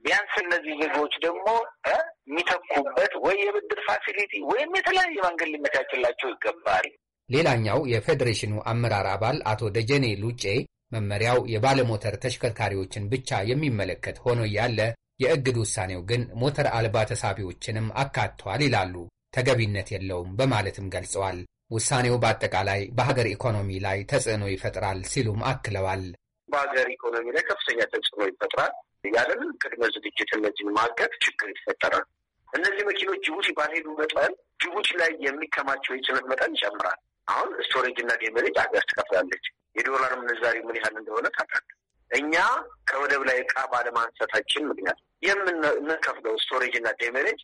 ቢያንስ እነዚህ ዜጎች ደግሞ የሚተኩበት ወይ የብድር ፋሲሊቲ ወይም የተለያየ መንገድ ሊመቻችላቸው ይገባል። ሌላኛው የፌዴሬሽኑ አመራር አባል አቶ ደጀኔ ሉጬ መመሪያው የባለሞተር ተሽከርካሪዎችን ብቻ የሚመለከት ሆኖ እያለ የእግድ ውሳኔው ግን ሞተር አልባ ተሳቢዎችንም አካቷል ይላሉ። ተገቢነት የለውም በማለትም ገልጸዋል። ውሳኔው በአጠቃላይ በሀገር ኢኮኖሚ ላይ ተጽዕኖ ይፈጥራል ሲሉም አክለዋል። በሀገር ኢኮኖሚ ላይ ከፍተኛ ተጽዕኖ ይፈጥራል። ያለምን ቅድመ ዝግጅት እነዚህን ማገድ ችግር ይፈጠራል። እነዚህ መኪኖች ጅቡቲ ባልሄዱ መጠን ጅቡቲ ላይ የሚከማቸው የጭነት መጠን ይጨምራል። አሁን ስቶሬጅ እና ዴመሬጅ ሀገር ትከፍላለች። የዶላር ምንዛሪ ምን ያህል እንደሆነ ታውቃለህ። እኛ ከወደብ ላይ እቃ ባለማንሳታችን ምክንያት የምንከፍለው ስቶሬጅ እና ዴሜሬጅ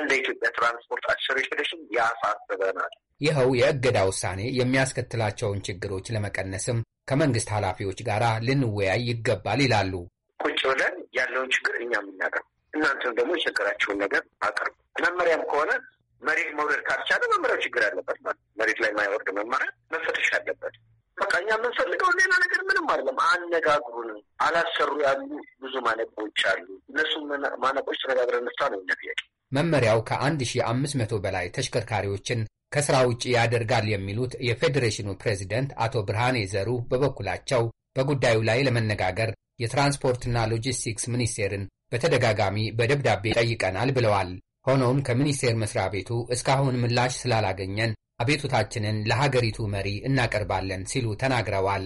እንደ ኢትዮጵያ ትራንስፖርት ፌዴሬሽን ያሳስበናል። ይኸው የእገዳ ውሳኔ የሚያስከትላቸውን ችግሮች ለመቀነስም ከመንግስት ኃላፊዎች ጋር ልንወያይ ይገባል ይላሉ። ቁጭ ብለን ያለውን ችግር እኛ የምናቀርብ እናንተም ደግሞ የቸገራችሁን ነገር አቅርቡ። መመሪያም ከሆነ መሬት መውረድ ካልቻለ መመሪያው ችግር አለበት ማለት መሬት ላይ የማይወርድ መመሪያ መፈተሽ አለበት። በቃ እኛ የምንፈልገው ሌላ ነገር ምንም አይደለም። አነጋግሩን። አላሰሩ ያሉ ብዙ ማነቆች አሉ። እነሱ ማነቆች ተነጋግረን ነሳ ነው እኛ ጥያቄ። መመሪያው ከ መቶ በላይ ተሽከርካሪዎችን ከስራ ውጭ ያደርጋል የሚሉት የፌዴሬሽኑ ፕሬዚደንት አቶ ብርሃኔ ዘሩ በበኩላቸው በጉዳዩ ላይ ለመነጋገር የትራንስፖርትና ሎጂስቲክስ ሚኒስቴርን በተደጋጋሚ በደብዳቤ ጠይቀናል ብለዋል። ሆኖም ከሚኒስቴር መስሪያ ቤቱ እስካሁን ምላሽ ስላላገኘን አቤቱታችንን ለሀገሪቱ መሪ እናቀርባለን ሲሉ ተናግረዋል።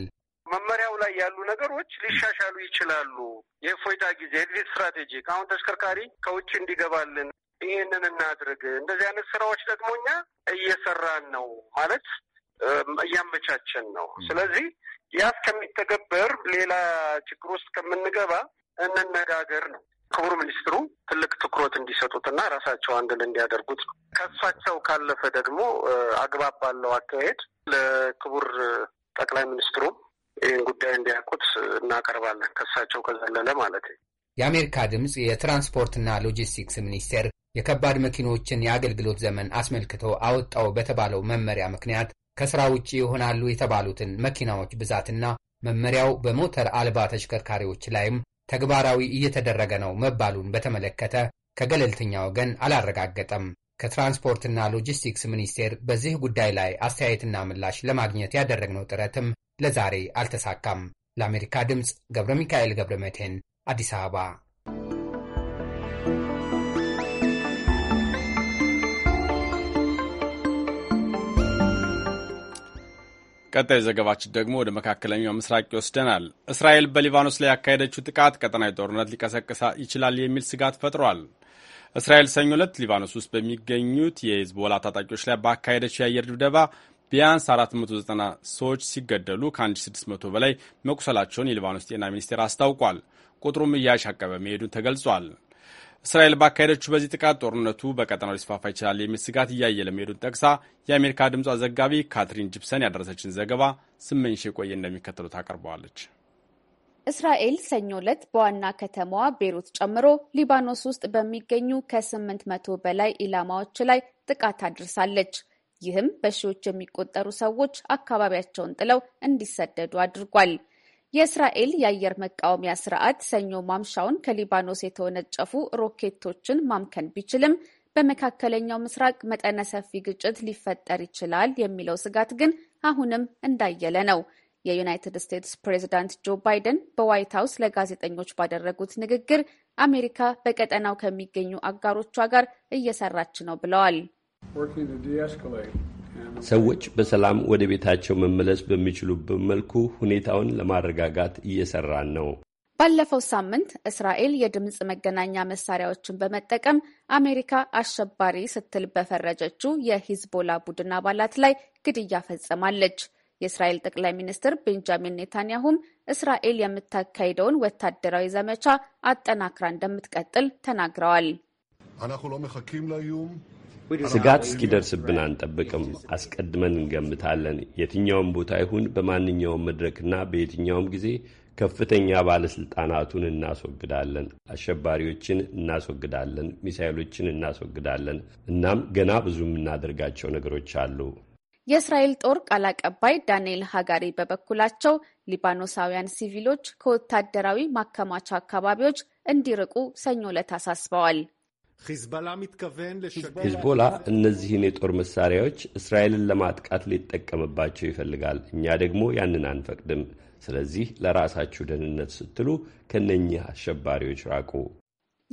መመሪያው ላይ ያሉ ነገሮች ሊሻሻሉ ይችላሉ። የእፎይታ ጊዜ ኤግዚት ስትራቴጂ አሁን ተሽከርካሪ ከውጭ እንዲገባልን ይህንን እናድርግ። እንደዚህ አይነት ስራዎች ደግሞ እኛ እየሰራን ነው ማለት እያመቻቸን ነው። ስለዚህ ያ እስከሚተገበር ሌላ ችግር ውስጥ ከምንገባ እንነጋገር ነው። ክቡር ሚኒስትሩ ትልቅ ትኩረት እንዲሰጡትና ራሳቸው አንድል እንዲያደርጉት ነው። ከእሳቸው ካለፈ ደግሞ አግባብ ባለው አካሄድ ለክቡር ጠቅላይ ሚኒስትሩም ይህን ጉዳይ እንዲያውቁት እናቀርባለን። ከእሳቸው ከዘለለ ማለት ነው። የአሜሪካ ድምፅ የትራንስፖርትና ሎጂስቲክስ ሚኒስቴር የከባድ መኪኖችን የአገልግሎት ዘመን አስመልክቶ አወጣው በተባለው መመሪያ ምክንያት ከስራ ውጭ ይሆናሉ የተባሉትን መኪናዎች ብዛትና መመሪያው በሞተር አልባ ተሽከርካሪዎች ላይም ተግባራዊ እየተደረገ ነው መባሉን በተመለከተ ከገለልተኛ ወገን አላረጋገጠም። ከትራንስፖርትና ሎጂስቲክስ ሚኒስቴር በዚህ ጉዳይ ላይ አስተያየትና ምላሽ ለማግኘት ያደረግነው ጥረትም ለዛሬ አልተሳካም። ለአሜሪካ ድምፅ ገብረ ሚካኤል ገብረ መድህን አዲስ አበባ ቀጣይ ዘገባችን ደግሞ ወደ መካከለኛው ምስራቅ ይወስደናል። እስራኤል በሊባኖስ ላይ ያካሄደችው ጥቃት ቀጠናዊ ጦርነት ሊቀሰቅሳ ይችላል የሚል ስጋት ፈጥሯል። እስራኤል ሰኞ ዕለት ሊባኖስ ውስጥ በሚገኙት የሂዝቦላ ታጣቂዎች ላይ ባካሄደችው የአየር ድብደባ ቢያንስ 490 ሰዎች ሲገደሉ ከ1600 በላይ መቁሰላቸውን የሊባኖስ ጤና ሚኒስቴር አስታውቋል። ቁጥሩም እያሻቀበ መሄዱን ተገልጿል። እስራኤል ባካሄደችው በዚህ ጥቃት ጦርነቱ በቀጠናው ሊስፋፋ ይችላል የሚል ስጋት እያየለ መሄዱን ጠቅሳ የአሜሪካ ድምጿ ዘጋቢ ካትሪን ጂፕሰን ያደረሰችን ዘገባ ስመኝሽ የቆየ እንደሚከተሉት አቀርበዋለች። እስራኤል ሰኞ ዕለት በዋና ከተማዋ ቤሩት ጨምሮ ሊባኖስ ውስጥ በሚገኙ ከስምንት መቶ በላይ ኢላማዎች ላይ ጥቃት አድርሳለች። ይህም በሺዎች የሚቆጠሩ ሰዎች አካባቢያቸውን ጥለው እንዲሰደዱ አድርጓል። የእስራኤል የአየር መቃወሚያ ስርዓት ሰኞ ማምሻውን ከሊባኖስ የተወነጨፉ ሮኬቶችን ማምከን ቢችልም በመካከለኛው ምስራቅ መጠነ ሰፊ ግጭት ሊፈጠር ይችላል የሚለው ስጋት ግን አሁንም እንዳየለ ነው። የዩናይትድ ስቴትስ ፕሬዝዳንት ጆ ባይደን በዋይት ሀውስ ለጋዜጠኞች ባደረጉት ንግግር አሜሪካ በቀጠናው ከሚገኙ አጋሮቿ ጋር እየሰራች ነው ብለዋል። ሰዎች በሰላም ወደ ቤታቸው መመለስ በሚችሉበት መልኩ ሁኔታውን ለማረጋጋት እየሰራን ነው። ባለፈው ሳምንት እስራኤል የድምፅ መገናኛ መሳሪያዎችን በመጠቀም አሜሪካ አሸባሪ ስትል በፈረጀችው የሂዝቦላ ቡድን አባላት ላይ ግድያ ፈጽማለች። የእስራኤል ጠቅላይ ሚኒስትር ቤንጃሚን ኔታንያሁም እስራኤል የምታካሄደውን ወታደራዊ ዘመቻ አጠናክራ እንደምትቀጥል ተናግረዋል። ስጋት እስኪደርስብን አንጠብቅም። አስቀድመን እንገምታለን። የትኛውም ቦታ ይሁን፣ በማንኛውም መድረክና በየትኛውም ጊዜ ከፍተኛ ባለስልጣናቱን እናስወግዳለን፣ አሸባሪዎችን እናስወግዳለን፣ ሚሳይሎችን እናስወግዳለን። እናም ገና ብዙ የምናደርጋቸው ነገሮች አሉ። የእስራኤል ጦር ቃል አቀባይ ዳንኤል ሀጋሪ በበኩላቸው ሊባኖሳውያን ሲቪሎች ከወታደራዊ ማከማቻ አካባቢዎች እንዲርቁ ሰኞ ዕለት አሳስበዋል። ሂዝቦላ እነዚህን የጦር መሳሪያዎች እስራኤልን ለማጥቃት ሊጠቀምባቸው ይፈልጋል። እኛ ደግሞ ያንን አንፈቅድም። ስለዚህ ለራሳችሁ ደህንነት ስትሉ ከነኚህ አሸባሪዎች ራቁ።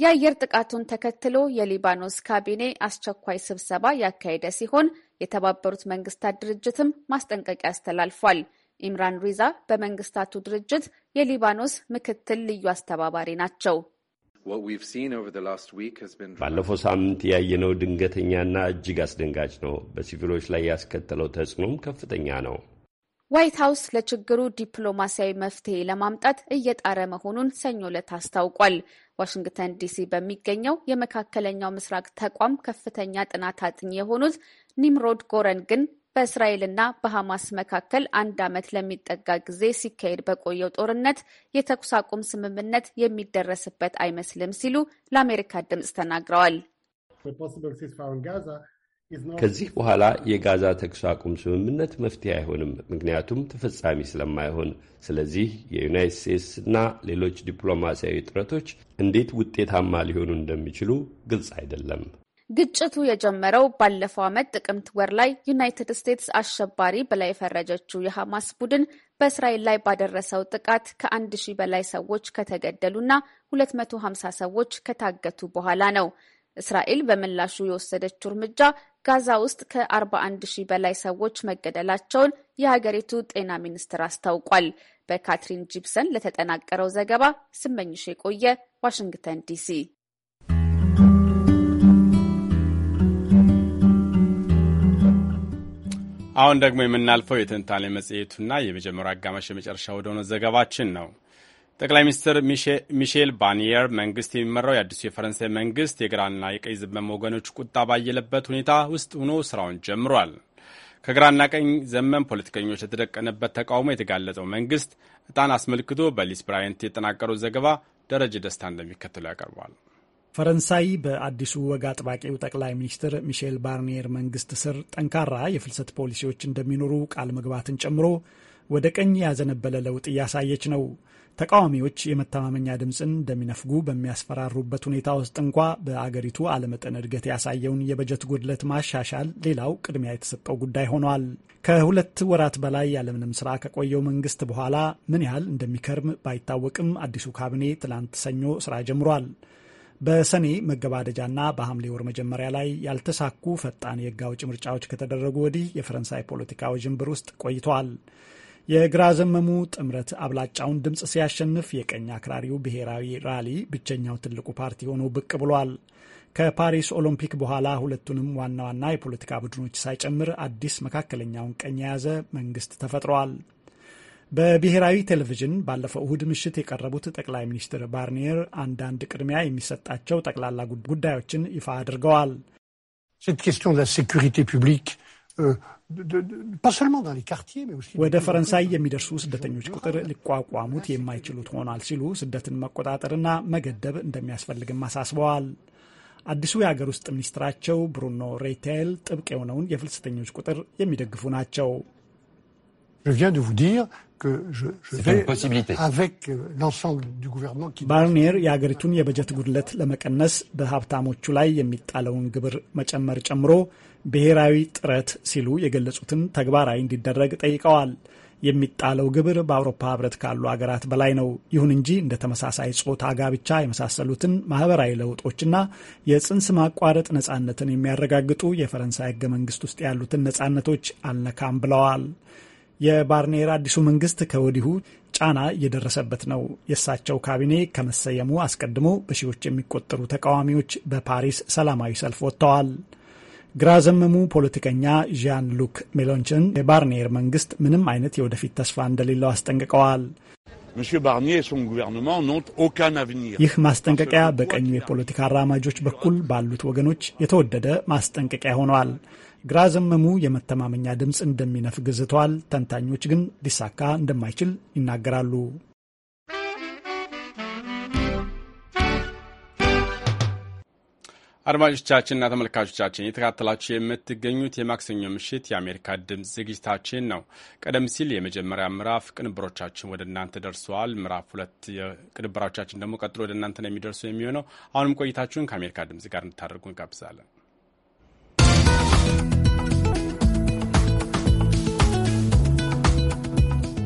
የአየር ጥቃቱን ተከትሎ የሊባኖስ ካቢኔ አስቸኳይ ስብሰባ ያካሄደ ሲሆን የተባበሩት መንግስታት ድርጅትም ማስጠንቀቂያ አስተላልፏል። ኢምራን ሪዛ በመንግስታቱ ድርጅት የሊባኖስ ምክትል ልዩ አስተባባሪ ናቸው። ባለፈው ሳምንት ያየነው ድንገተኛና እጅግ አስደንጋጭ ነው። በሲቪሎች ላይ ያስከተለው ተጽዕኖም ከፍተኛ ነው። ዋይት ሀውስ ለችግሩ ዲፕሎማሲያዊ መፍትሄ ለማምጣት እየጣረ መሆኑን ሰኞ ዕለት አስታውቋል። ዋሽንግተን ዲሲ በሚገኘው የመካከለኛው ምስራቅ ተቋም ከፍተኛ ጥናት አጥኚ የሆኑት ኒምሮድ ጎረን ግን በእስራኤልና በሐማስ መካከል አንድ ዓመት ለሚጠጋ ጊዜ ሲካሄድ በቆየው ጦርነት የተኩስ አቁም ስምምነት የሚደረስበት አይመስልም ሲሉ ለአሜሪካ ድምፅ ተናግረዋል። ከዚህ በኋላ የጋዛ ተኩስ አቁም ስምምነት መፍትሄ አይሆንም፣ ምክንያቱም ተፈጻሚ ስለማይሆን። ስለዚህ የዩናይት ስቴትስ እና ሌሎች ዲፕሎማሲያዊ ጥረቶች እንዴት ውጤታማ ሊሆኑ እንደሚችሉ ግልጽ አይደለም። ግጭቱ የጀመረው ባለፈው ዓመት ጥቅምት ወር ላይ ዩናይትድ ስቴትስ አሸባሪ ብላ የፈረጀችው የሐማስ ቡድን በእስራኤል ላይ ባደረሰው ጥቃት ከአንድ ሺህ በላይ ሰዎች ከተገደሉና 250 ሰዎች ከታገቱ በኋላ ነው። እስራኤል በምላሹ የወሰደችው እርምጃ ጋዛ ውስጥ ከ41 ሺህ በላይ ሰዎች መገደላቸውን የሀገሪቱ ጤና ሚኒስትር አስታውቋል። በካትሪን ጂፕሰን ለተጠናቀረው ዘገባ ስመኝሽ የቆየ ዋሽንግተን ዲሲ አሁን ደግሞ የምናልፈው የትንታኔ መጽሔቱና የመጀመሪያው አጋማሽ የመጨረሻ ወደሆነ ዘገባችን ነው። ጠቅላይ ሚኒስትር ሚሼል ባኒየር መንግስት የሚመራው የአዲሱ የፈረንሳይ መንግስት የግራና የቀኝ ዘመም ወገኖች ቁጣ ባየለበት ሁኔታ ውስጥ ሆኖ ስራውን ጀምሯል። ከግራና ቀኝ ዘመም ፖለቲከኞች የተደቀነበት ተቃውሞ የተጋለጠው መንግስት እጣን አስመልክቶ በሊስ ብራይንት የተጠናቀረው ዘገባ ደረጀ ደስታ እንደሚከተለው ያቀርባል። ፈረንሳይ በአዲሱ ወግ አጥባቂው ጠቅላይ ሚኒስትር ሚሼል ባርኒየር መንግስት ስር ጠንካራ የፍልሰት ፖሊሲዎች እንደሚኖሩ ቃል መግባትን ጨምሮ ወደ ቀኝ ያዘነበለ ለውጥ እያሳየች ነው። ተቃዋሚዎች የመተማመኛ ድምፅን እንደሚነፍጉ በሚያስፈራሩበት ሁኔታ ውስጥ እንኳ በአገሪቱ አለመጠን እድገት ያሳየውን የበጀት ጉድለት ማሻሻል ሌላው ቅድሚያ የተሰጠው ጉዳይ ሆኗል። ከሁለት ወራት በላይ ያለምንም ስራ ከቆየው መንግስት በኋላ ምን ያህል እንደሚከርም ባይታወቅም አዲሱ ካቢኔ ትላንት ሰኞ ስራ ጀምሯል። በሰኔ መገባደጃና በሐምሌ ወር መጀመሪያ ላይ ያልተሳኩ ፈጣን የህግ አውጭ ምርጫዎች ከተደረጉ ወዲህ የፈረንሳይ ፖለቲካ ውዥንብር ውስጥ ቆይተዋል። የግራ ዘመሙ ጥምረት አብላጫውን ድምፅ ሲያሸንፍ፣ የቀኝ አክራሪው ብሔራዊ ራሊ ብቸኛው ትልቁ ፓርቲ ሆኖ ብቅ ብሏል። ከፓሪስ ኦሎምፒክ በኋላ ሁለቱንም ዋና ዋና የፖለቲካ ቡድኖች ሳይጨምር አዲስ መካከለኛውን ቀኝ የያዘ መንግስት ተፈጥሯል። በብሔራዊ ቴሌቪዥን ባለፈው እሁድ ምሽት የቀረቡት ጠቅላይ ሚኒስትር ባርኒየር አንዳንድ ቅድሚያ የሚሰጣቸው ጠቅላላ ጉዳዮችን ይፋ አድርገዋል። euh, ወደ ፈረንሳይ የሚደርሱ ስደተኞች ቁጥር ሊቋቋሙት የማይችሉት ሆኗል ሲሉ ስደትን መቆጣጠርና መገደብ እንደሚያስፈልግም አሳስበዋል። አዲሱ የሀገር ውስጥ ሚኒስትራቸው ብሩኖ ሬቴል ጥብቅ የሆነውን የፍልሰተኞች ቁጥር የሚደግፉ ናቸው። Je viens de vous dire que je, je vais avec euh, l'ensemble du gouvernement qui... ባርኒየር የአገሪቱን የበጀት ጉድለት ለመቀነስ በሀብታሞቹ ላይ የሚጣለውን ግብር መጨመር ጨምሮ ብሔራዊ ጥረት ሲሉ የገለጹትን ተግባራዊ እንዲደረግ ጠይቀዋል። የሚጣለው ግብር በአውሮፓ ሕብረት ካሉ አገራት በላይ ነው። ይሁን እንጂ እንደ ተመሳሳይ ጾታ ጋብቻ የመሳሰሉትን ማህበራዊ ለውጦችና የጽንስ ማቋረጥ ነጻነትን የሚያረጋግጡ የፈረንሳይ ህገ መንግስት ውስጥ ያሉትን ነጻነቶች አልነካም ብለዋል። የባርኔራ አዲሱ መንግስት ከወዲሁ ጫና እየደረሰበት ነው። የእሳቸው ካቢኔ ከመሰየሙ አስቀድሞ በሺዎች የሚቆጠሩ ተቃዋሚዎች በፓሪስ ሰላማዊ ሰልፍ ወጥተዋል። ግራ ዘመሙ ፖለቲከኛ ዣን ሉክ ሜሎንችን የባርኔር መንግስት ምንም አይነት የወደፊት ተስፋ እንደሌለው አስጠንቅቀዋል። ይህ ማስጠንቀቂያ በቀኙ የፖለቲካ አራማጆች በኩል ባሉት ወገኖች የተወደደ ማስጠንቀቂያ ሆኗል። ግራ ዘመሙ የመተማመኛ ድምፅ እንደሚነፍግ ዝተዋል። ተንታኞች ግን ሊሳካ እንደማይችል ይናገራሉ። አድማጮቻችንና ተመልካቾቻችን የተካተላችሁ የምትገኙት የማክሰኞ ምሽት የአሜሪካ ድምፅ ዝግጅታችን ነው። ቀደም ሲል የመጀመሪያ ምዕራፍ ቅንብሮቻችን ወደ እናንተ ደርሰዋል። ምዕራፍ ሁለት ቅንብራቻችን ደግሞ ቀጥሎ ወደ እናንተ ነው የሚደርሱ የሚሆነው። አሁንም ቆይታችሁን ከአሜሪካ ድምፅ ጋር እንድታደርጉ እንጋብዛለን።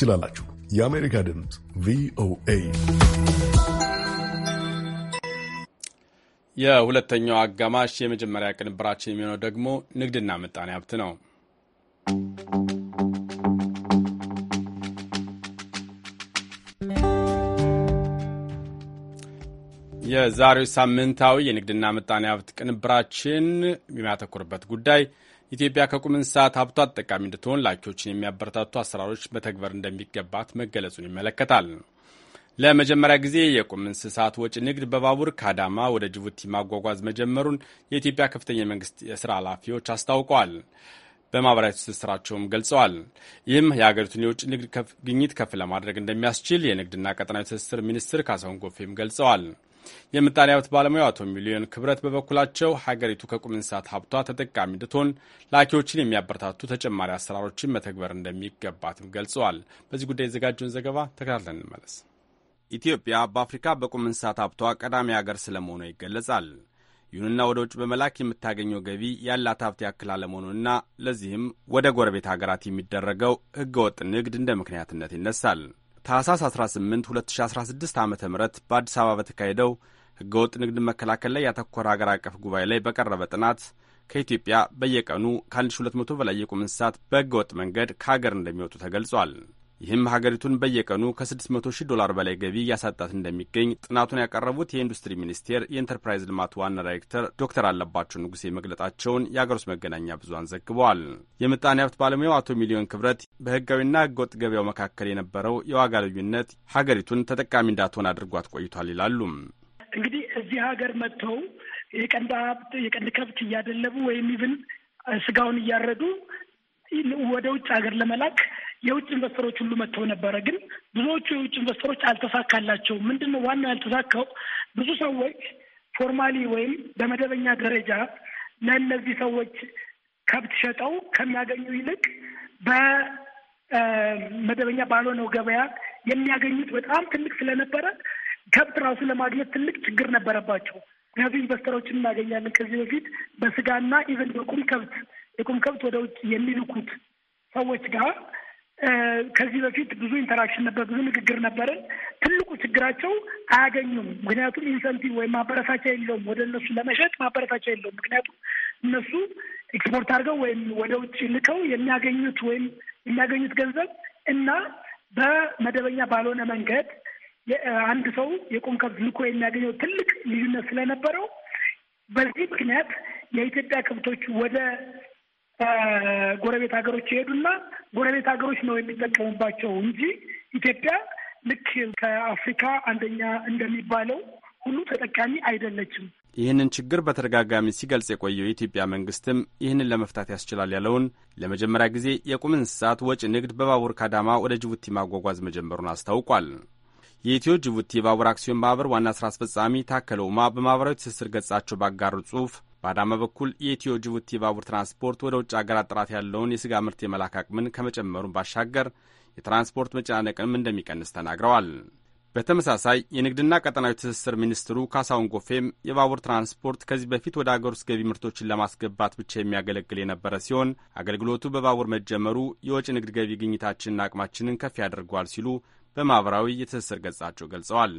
ትችላላችሁ። የአሜሪካ ድምፅ ቪኦኤ። የሁለተኛው አጋማሽ የመጀመሪያ ቅንብራችን የሚሆነው ደግሞ ንግድና ምጣኔ ሀብት ነው። የዛሬው ሳምንታዊ የንግድና ምጣኔ ሀብት ቅንብራችን የሚያተኩርበት ጉዳይ ኢትዮጵያ ከቁም እንስሳት ሀብቷ ተጠቃሚ እንድትሆን ላኪዎችን የሚያበረታቱ አሰራሮች መተግበር እንደሚገባት መገለጹን ይመለከታል። ለመጀመሪያ ጊዜ የቁም እንስሳት ወጪ ንግድ በባቡር ከአዳማ ወደ ጅቡቲ ማጓጓዝ መጀመሩን የኢትዮጵያ ከፍተኛ የመንግስት የስራ ኃላፊዎች አስታውቀዋል። በማህበራዊ ትስስራቸውም ገልጸዋል። ይህም የሀገሪቱን የውጭ ንግድ ግኝት ከፍ ለማድረግ እንደሚያስችል የንግድና ቀጠናዊ ትስስር ሚኒስትር ካሳሁን ጎፌም ገልጸዋል። የምጣኔ ሀብት ባለሙያው አቶ ሚሊዮን ክብረት በበኩላቸው ሀገሪቱ ከቁም እንስሳት ሀብቷ ተጠቃሚ እንድትሆን ላኪዎችን የሚያበረታቱ ተጨማሪ አሰራሮችን መተግበር እንደሚገባትም ገልጸዋል። በዚህ ጉዳይ የተዘጋጀውን ዘገባ ተከታትለን እንመለስ። ኢትዮጵያ በአፍሪካ በቁም እንስሳት ሀብቷ ቀዳሚ ሀገር ስለመሆኗ ይገለጻል። ይሁንና ወደ ውጭ በመላክ የምታገኘው ገቢ ያላት ሀብት ያክል አለመሆኑና ለዚህም ወደ ጎረቤት ሀገራት የሚደረገው ህገወጥ ንግድ እንደ ምክንያትነት ይነሳል። ታህሳስ 18 2016 ዓ ም በአዲስ አበባ በተካሄደው ህገወጥ ንግድ መከላከል ላይ ያተኮረ አገር አቀፍ ጉባኤ ላይ በቀረበ ጥናት ከኢትዮጵያ በየቀኑ ከ1200 በላይ የቁም እንስሳት በህገወጥ መንገድ ከሀገር እንደሚወጡ ተገልጿል። ይህም ሀገሪቱን በየቀኑ ከ600 ሺህ ዶላር በላይ ገቢ እያሳጣት እንደሚገኝ ጥናቱን ያቀረቡት የኢንዱስትሪ ሚኒስቴር የኢንተርፕራይዝ ልማት ዋና ዳይሬክተር ዶክተር አለባቸው ንጉሴ መግለጣቸውን የአገር ውስጥ መገናኛ ብዙሃን ዘግበዋል። የምጣኔ ሀብት ባለሙያው አቶ ሚሊዮን ክብረት በህጋዊና ህገወጥ ገበያው መካከል የነበረው የዋጋ ልዩነት ሀገሪቱን ተጠቃሚ እንዳትሆን አድርጓት ቆይቷል ይላሉ። እንግዲህ እዚህ ሀገር መጥተው የቀንድ ሀብት የቀንድ ከብት እያደለቡ ወይም ይብን ስጋውን እያረዱ ወደ ውጭ ሀገር ለመላክ የውጭ ኢንቨስተሮች ሁሉ መጥተው ነበረ። ግን ብዙዎቹ የውጭ ኢንቨስተሮች አልተሳካላቸውም። ምንድን ነው ዋና ያልተሳካው? ብዙ ሰዎች ፎርማሊ ወይም በመደበኛ ደረጃ ለእነዚህ ሰዎች ከብት ሸጠው ከሚያገኙ ይልቅ በመደበኛ ባልሆነው ገበያ የሚያገኙት በጣም ትልቅ ስለነበረ ከብት ራሱ ለማግኘት ትልቅ ችግር ነበረባቸው። ምክንያቱም ኢንቨስተሮችን እናገኛለን ከዚህ በፊት በስጋና ኢቨን በቁም ከብት የቁም ከብት ወደ ውጭ የሚልኩት ሰዎች ጋር ከዚህ በፊት ብዙ ኢንተራክሽን ነበር፣ ብዙ ንግግር ነበርን ትልቁ ችግራቸው አያገኙም። ምክንያቱም ኢንሰንቲቭ ወይም ማበረታቻ የለውም፣ ወደ እነሱ ለመሸጥ ማበረታቻ የለውም። ምክንያቱም እነሱ ኤክስፖርት አድርገው ወይም ወደ ውጭ ልከው የሚያገኙት ወይም የሚያገኙት ገንዘብ እና በመደበኛ ባልሆነ መንገድ አንድ ሰው የቁም ከብት ልኮ የሚያገኘው ትልቅ ልዩነት ስለነበረው በዚህ ምክንያት የኢትዮጵያ ከብቶች ወደ ጎረቤት ሀገሮች ይሄዱና ጎረቤት ሀገሮች ነው የሚጠቀሙባቸው እንጂ ኢትዮጵያ ልክ ከአፍሪካ አንደኛ እንደሚባለው ሁሉ ተጠቃሚ አይደለችም። ይህንን ችግር በተደጋጋሚ ሲገልጽ የቆየው የኢትዮጵያ መንግስትም ይህንን ለመፍታት ያስችላል ያለውን ለመጀመሪያ ጊዜ የቁም እንስሳት ወጪ ንግድ በባቡር ካዳማ ወደ ጅቡቲ ማጓጓዝ መጀመሩን አስታውቋል። የኢትዮ ጅቡቲ የባቡር አክሲዮን ማህበር ዋና ስራ አስፈጻሚ ታከለ ኡማ በማህበራዊ ትስስር ገጻቸው ባጋሩ ጽሁፍ በአዳማ በኩል የኢትዮ ጅቡቲ ባቡር ትራንስፖርት ወደ ውጭ አገራት ጥራት ያለውን የስጋ ምርት የመላክ አቅምን ከመጨመሩን ባሻገር የትራንስፖርት መጨናነቅንም እንደሚቀንስ ተናግረዋል። በተመሳሳይ የንግድና ቀጠናዊ ትስስር ሚኒስትሩ ካሳሁን ጎፌም የባቡር ትራንስፖርት ከዚህ በፊት ወደ አገር ውስጥ ገቢ ምርቶችን ለማስገባት ብቻ የሚያገለግል የነበረ ሲሆን አገልግሎቱ በባቡር መጀመሩ የወጪ ንግድ ገቢ ግኝታችንና አቅማችንን ከፍ ያደርገዋል ሲሉ በማኅበራዊ የትስስር ገጻቸው ገልጸዋል።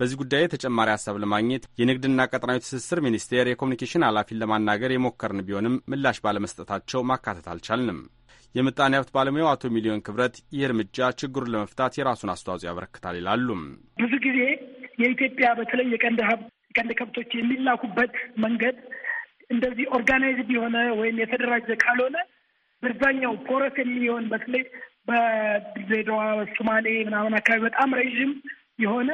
በዚህ ጉዳይ ተጨማሪ ሀሳብ ለማግኘት የንግድና ቀጠናዊ ትስስር ሚኒስቴር የኮሚኒኬሽን ኃላፊን ለማናገር የሞከርን ቢሆንም ምላሽ ባለመስጠታቸው ማካተት አልቻልንም። የምጣኔ ሀብት ባለሙያው አቶ ሚሊዮን ክብረት ይህ እርምጃ ችግሩን ለመፍታት የራሱን አስተዋጽኦ ያበረክታል ይላሉ። ብዙ ጊዜ የኢትዮጵያ በተለይ የቀንድ ሀብት ቀንድ ከብቶች የሚላኩበት መንገድ እንደዚህ ኦርጋናይዝድ የሆነ ወይም የተደራጀ ካልሆነ በዛኛው ፖረስ የሚሆን በተለይ በድሬዳዋ፣ ሶማሌ ምናምን አካባቢ በጣም ረዥም የሆነ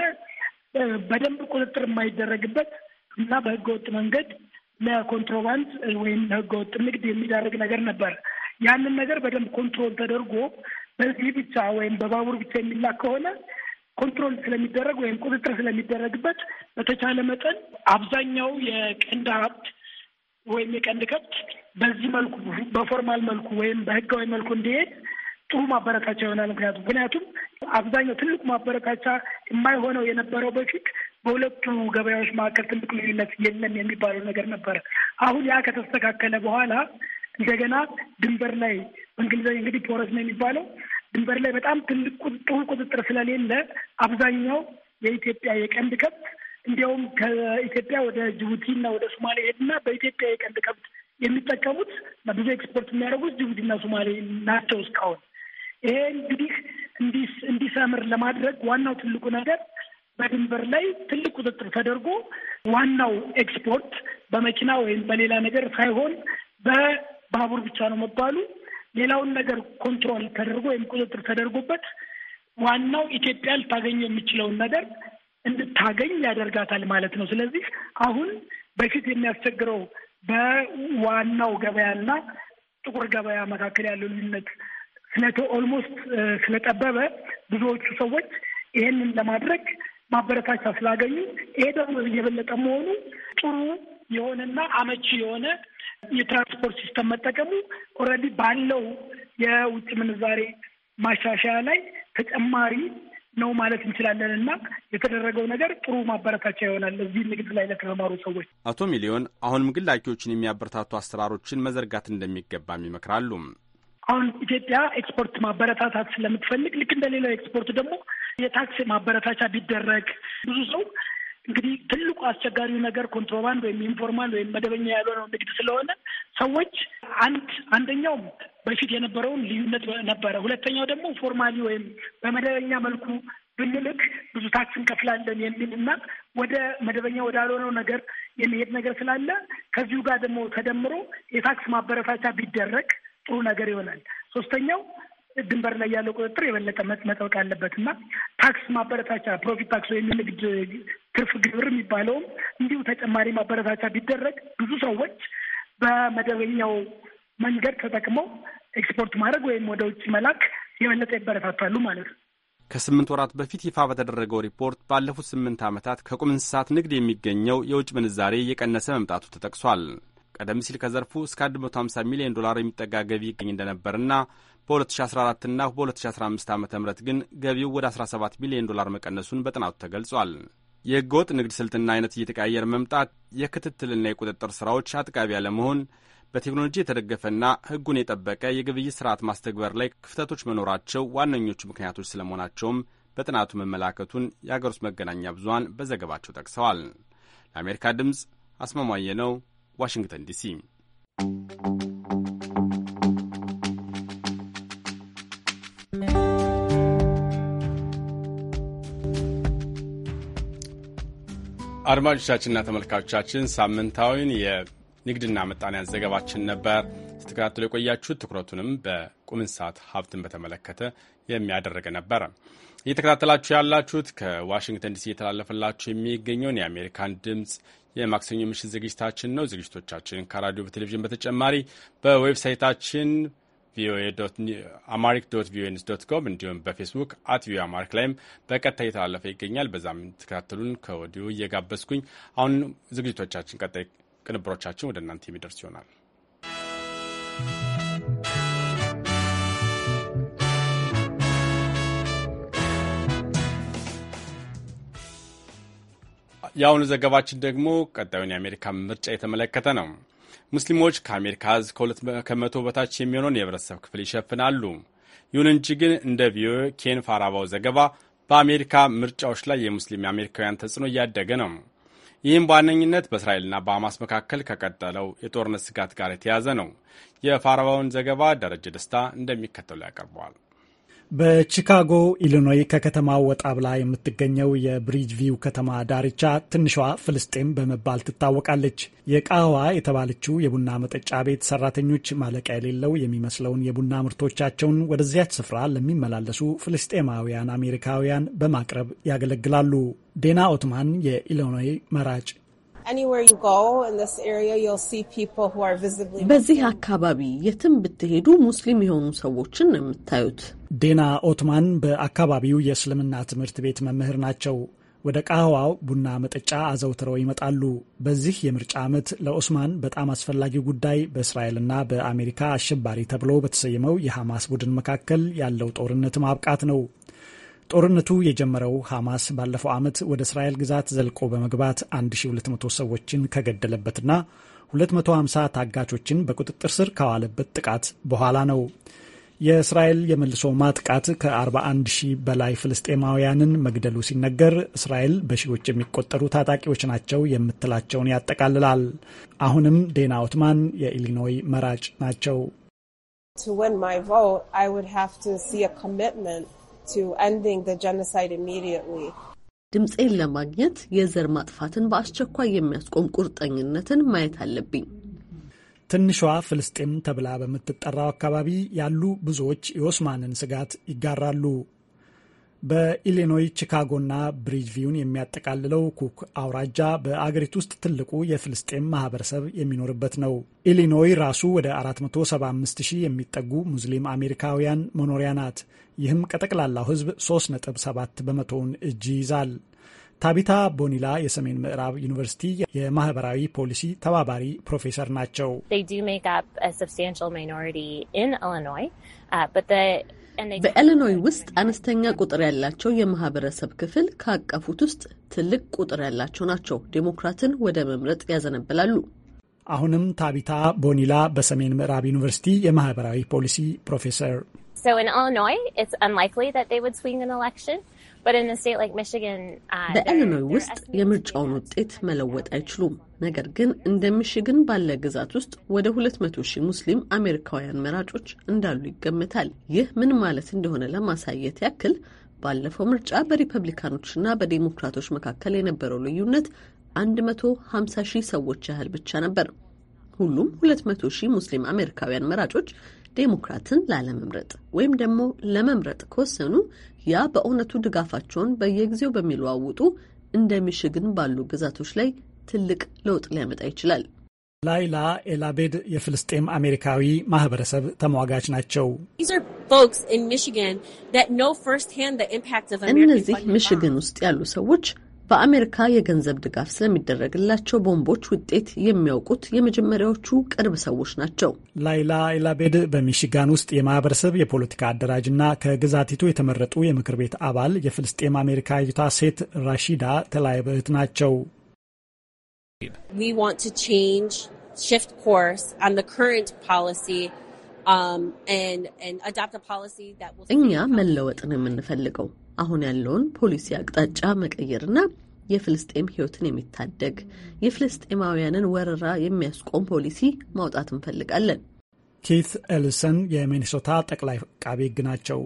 በደንብ ቁጥጥር የማይደረግበት እና በህገወጥ መንገድ ለኮንትሮባንድ ወይም ለህገወጥ ንግድ የሚዳርግ ነገር ነበር። ያንን ነገር በደንብ ኮንትሮል ተደርጎ በዚህ ብቻ ወይም በባቡር ብቻ የሚላክ ከሆነ ኮንትሮል ስለሚደረግ ወይም ቁጥጥር ስለሚደረግበት በተቻለ መጠን አብዛኛው የቀንድ ሀብት ወይም የቀንድ ከብት በዚህ መልኩ በፎርማል መልኩ ወይም በህጋዊ መልኩ እንዲሄድ ጥሩ ማበረታቻ ይሆናል። ምክንያቱም ምክንያቱም አብዛኛው ትልቁ ማበረታቻ የማይሆነው የነበረው በፊት በሁለቱ ገበያዎች መካከል ትልቅ ልዩነት የለም የሚባለው ነገር ነበረ። አሁን ያ ከተስተካከለ በኋላ እንደገና ድንበር ላይ በእንግሊዝኛ እንግዲህ ፖረስ ነው የሚባለው ድንበር ላይ በጣም ትልቅ ጥሩ ቁጥጥር ስለሌለ አብዛኛው የኢትዮጵያ የቀንድ ከብት እንዲያውም ከኢትዮጵያ ወደ ጅቡቲና ወደ ሶማሌ ሄድና በኢትዮጵያ የቀንድ ከብት የሚጠቀሙት ብዙ ኤክስፖርት የሚያደርጉት ጅቡቲና ሶማሌ ናቸው እስካሁን ይሄ እንግዲህ እንዲሰምር ለማድረግ ዋናው ትልቁ ነገር በድንበር ላይ ትልቅ ቁጥጥር ተደርጎ ዋናው ኤክስፖርት በመኪና ወይም በሌላ ነገር ሳይሆን በባቡር ብቻ ነው መባሉ፣ ሌላውን ነገር ኮንትሮል ተደርጎ ወይም ቁጥጥር ተደርጎበት ዋናው ኢትዮጵያ ልታገኝ የሚችለውን ነገር እንድታገኝ ያደርጋታል ማለት ነው። ስለዚህ አሁን በፊት የሚያስቸግረው በዋናው ገበያና ጥቁር ገበያ መካከል ያለው ልዩነት ስለቶ ኦልሞስት ስለጠበበ ብዙዎቹ ሰዎች ይሄንን ለማድረግ ማበረታቻ ስላገኙ ይሄ ደግሞ እየበለጠ መሆኑ ጥሩ የሆነና አመቺ የሆነ የትራንስፖርት ሲስተም መጠቀሙ ኦልሬዲ ባለው የውጭ ምንዛሬ ማሻሻያ ላይ ተጨማሪ ነው ማለት እንችላለን እና የተደረገው ነገር ጥሩ ማበረታቻ ይሆናል እዚህ ንግድ ላይ ለተማሩ ሰዎች። አቶ ሚሊዮን አሁንም ግላኪዎችን የሚያበረታቱ አሰራሮችን መዘርጋት እንደሚገባም ይመክራሉ። አሁን ኢትዮጵያ ኤክስፖርት ማበረታታት ስለምትፈልግ ልክ እንደሌላው ኤክስፖርት ደግሞ የታክስ ማበረታቻ ቢደረግ ብዙ ሰው እንግዲህ ትልቁ አስቸጋሪው ነገር ኮንትሮባንድ ወይም ኢንፎርማል ወይም መደበኛ ያልሆነው ንግድ ስለሆነ ሰዎች አንድ አንደኛው በፊት የነበረውን ልዩነት ነበረ። ሁለተኛው ደግሞ ፎርማሊ ወይም በመደበኛ መልኩ ብንልክ ብዙ ታክስ እንከፍላለን የሚል እና ወደ መደበኛ ወዳልሆነው ነገር የሚሄድ ነገር ስላለ ከዚሁ ጋር ደግሞ ተደምሮ የታክስ ማበረታቻ ቢደረግ ጥሩ ነገር ይሆናል። ሶስተኛው ድንበር ላይ ያለው ቁጥጥር የበለጠ መጠበቅ አለበት እና ታክስ ማበረታቻ ፕሮፊት ታክስ ወይም የንግድ ትርፍ ግብር የሚባለውም እንዲሁ ተጨማሪ ማበረታቻ ቢደረግ ብዙ ሰዎች በመደበኛው መንገድ ተጠቅመው ኤክስፖርት ማድረግ ወይም ወደ ውጭ መላክ የበለጠ ይበረታታሉ ማለት ነው። ከስምንት ወራት በፊት ይፋ በተደረገው ሪፖርት ባለፉት ስምንት ዓመታት ከቁም እንስሳት ንግድ የሚገኘው የውጭ ምንዛሬ እየቀነሰ መምጣቱ ተጠቅሷል። ቀደም ሲል ከዘርፉ እስከ 150 ሚሊዮን ዶላር የሚጠጋ ገቢ ይገኝ እንደነበርና በ2014ና በ2015 ዓ ም ግን ገቢው ወደ 17 ሚሊዮን ዶላር መቀነሱን በጥናቱ ተገልጿል። የህገወጥ ንግድ ስልትና አይነት እየተቀያየር መምጣት፣ የክትትልና የቁጥጥር ስራዎች አጥቃቢ ያለመሆን፣ በቴክኖሎጂ የተደገፈና ህጉን የጠበቀ የግብይት ስርዓት ማስተግበር ላይ ክፍተቶች መኖራቸው ዋነኞቹ ምክንያቶች ስለመሆናቸውም በጥናቱ መመላከቱን የአገር ውስጥ መገናኛ ብዙሀን በዘገባቸው ጠቅሰዋል። ለአሜሪካ ድምፅ አስማማየ ነው ዋሽንግተን ዲሲ። አድማጮቻችንና ተመልካቾቻችን ሳምንታዊን የንግድና መጣንያ ዘገባችን ነበር ስትከታተሉ የቆያችሁ። ትኩረቱንም በቁምን ሰዓት ሀብትን በተመለከተ የሚያደረገ ነበር። እየተከታተላችሁ ያላችሁት ከዋሽንግተን ዲሲ እየተላለፈላችሁ የሚገኘውን የአሜሪካን ድምፅ የማክሰኞ ምሽት ዝግጅታችን ነው። ዝግጅቶቻችን ከራዲዮ በቴሌቪዥን በተጨማሪ በዌብሳይታችን አማሪክ ዶት ቪኦኤ ኒውስ ዶት ኮም እንዲሁም በፌስቡክ አት ቪኦኤ አማሪክ ላይም በቀጥታ እየተላለፈ ይገኛል። በዛም ተከታተሉን ከወዲሁ እየጋበዝኩኝ አሁን ዝግጅቶቻችን ቀጣይ ቅንብሮቻችን ወደ እናንተ የሚደርስ ይሆናል። የአሁኑ ዘገባችን ደግሞ ቀጣዩን የአሜሪካ ምርጫ የተመለከተ ነው። ሙስሊሞች ከአሜሪካ ሕዝብ ከሁለት ከመቶ በታች የሚሆነውን የህብረተሰብ ክፍል ይሸፍናሉ። ይሁን እንጂ ግን እንደ ቪኦኤ ኬን ፋራባው ዘገባ በአሜሪካ ምርጫዎች ላይ የሙስሊም አሜሪካውያን ተጽዕኖ እያደገ ነው። ይህም በዋነኝነት በእስራኤልና በሐማስ መካከል ከቀጠለው የጦርነት ስጋት ጋር የተያያዘ ነው። የፋራባውን ዘገባ ደረጀ ደስታ እንደሚከተሉ ያቀርበዋል። በቺካጎ ኢሊኖይ ከከተማው ወጣ ብላ የምትገኘው የብሪጅቪው ከተማ ዳርቻ ትንሿ ፍልስጤም በመባል ትታወቃለች። የቃዋ የተባለችው የቡና መጠጫ ቤት ሰራተኞች ማለቂያ የሌለው የሚመስለውን የቡና ምርቶቻቸውን ወደዚያች ስፍራ ለሚመላለሱ ፍልስጤማውያን አሜሪካውያን በማቅረብ ያገለግላሉ። ዴና ኦትማን የኢሊኖይ መራጭ በዚህ አካባቢ የትም ብትሄዱ ሙስሊም የሆኑ ሰዎችን ነው የምታዩት። ዴና ኦትማን በአካባቢው የእስልምና ትምህርት ቤት መምህር ናቸው። ወደ ቃህዋው ቡና መጠጫ አዘውትረው ይመጣሉ። በዚህ የምርጫ ዓመት ለኦስማን በጣም አስፈላጊ ጉዳይ በእስራኤልና በአሜሪካ አሸባሪ ተብሎ በተሰየመው የሐማስ ቡድን መካከል ያለው ጦርነት ማብቃት ነው። ጦርነቱ የጀመረው ሐማስ ባለፈው ዓመት ወደ እስራኤል ግዛት ዘልቆ በመግባት 1200 ሰዎችን ከገደለበትና 250 ታጋቾችን በቁጥጥር ስር ካዋለበት ጥቃት በኋላ ነው። የእስራኤል የመልሶ ማጥቃት ከ41 ሺህ በላይ ፍልስጤማውያንን መግደሉ ሲነገር እስራኤል በሺዎች የሚቆጠሩ ታጣቂዎች ናቸው የምትላቸውን ያጠቃልላል። አሁንም ዴና ኦትማን የኢሊኖይ መራጭ ናቸው። to ድምፄን ለማግኘት የዘር ማጥፋትን በአስቸኳይ የሚያስቆም ቁርጠኝነትን ማየት አለብኝ። ትንሿ ፍልስጤም ተብላ በምትጠራው አካባቢ ያሉ ብዙዎች የኦስማንን ስጋት ይጋራሉ። በኢሊኖይ ቺካጎና ብሪጅቪውን የሚያጠቃልለው ኩክ አውራጃ በአገሪቱ ውስጥ ትልቁ የፍልስጤም ማህበረሰብ የሚኖርበት ነው። ኢሊኖይ ራሱ ወደ 475 ሺህ የሚጠጉ ሙስሊም አሜሪካውያን መኖሪያ ናት። ይህም ከጠቅላላው ህዝብ 3.7 በመቶውን እጅ ይዛል። ታቢታ ቦኒላ የሰሜን ምዕራብ ዩኒቨርሲቲ የማህበራዊ ፖሊሲ ተባባሪ ፕሮፌሰር ናቸው። በኢሊኖይ ውስጥ አነስተኛ ቁጥር ያላቸው የማህበረሰብ ክፍል ካቀፉት ውስጥ ትልቅ ቁጥር ያላቸው ናቸው። ዴሞክራትን ወደ መምረጥ ያዘነብላሉ። አሁንም ታቢታ ቦኒላ በሰሜን ምዕራብ ዩኒቨርሲቲ የማህበራዊ ፖሊሲ ፕሮፌሰር በኢሊኖይ uh, ውስጥ የምርጫውን ውጤት መለወጥ አይችሉም። ነገር ግን እንደ ሚሽግን ባለ ግዛት ውስጥ ወደ 200 ሺህ ሙስሊም አሜሪካውያን መራጮች እንዳሉ ይገመታል። ይህ ምን ማለት እንደሆነ ለማሳየት ያክል ባለፈው ምርጫ በሪፐብሊካኖችና በዴሞክራቶች መካከል የነበረው ልዩነት 150 ሺህ ሰዎች ያህል ብቻ ነበር። ሁሉም 200 ሺህ ሙስሊም አሜሪካውያን መራጮች ዴሞክራትን ላለመምረጥ ወይም ደግሞ ለመምረጥ ከወሰኑ ያ በእውነቱ ድጋፋቸውን በየጊዜው በሚለዋውጡ እንደ ሚሽግን ባሉ ግዛቶች ላይ ትልቅ ለውጥ ሊያመጣ ይችላል። ላይላ ኤላቤድ የፍልስጤም አሜሪካዊ ማህበረሰብ ተሟጋች ናቸው። እነዚህ ሚሽግን ውስጥ ያሉ ሰዎች በአሜሪካ የገንዘብ ድጋፍ ስለሚደረግላቸው ቦምቦች ውጤት የሚያውቁት የመጀመሪያዎቹ ቅርብ ሰዎች ናቸው። ላይላ ኤላቤድ በሚሽጋን ውስጥ የማህበረሰብ የፖለቲካ አደራጅና ከግዛቲቱ የተመረጡ የምክር ቤት አባል የፍልስጤም አሜሪካዊቷ ሴት ራሺዳ ተላይብ እህት ናቸው። um, እኛ መለወጥን የምንፈልገው አሁን ያለውን ፖሊሲ አቅጣጫ መቀየርና የፍልስጤም ህይወትን የሚታደግ የፍልስጤማውያንን ወረራ የሚያስቆም ፖሊሲ ማውጣት እንፈልጋለን። ኬት ኤልሰን የሚኒሶታ ጠቅላይ አቃቤ ሕግ ናቸው።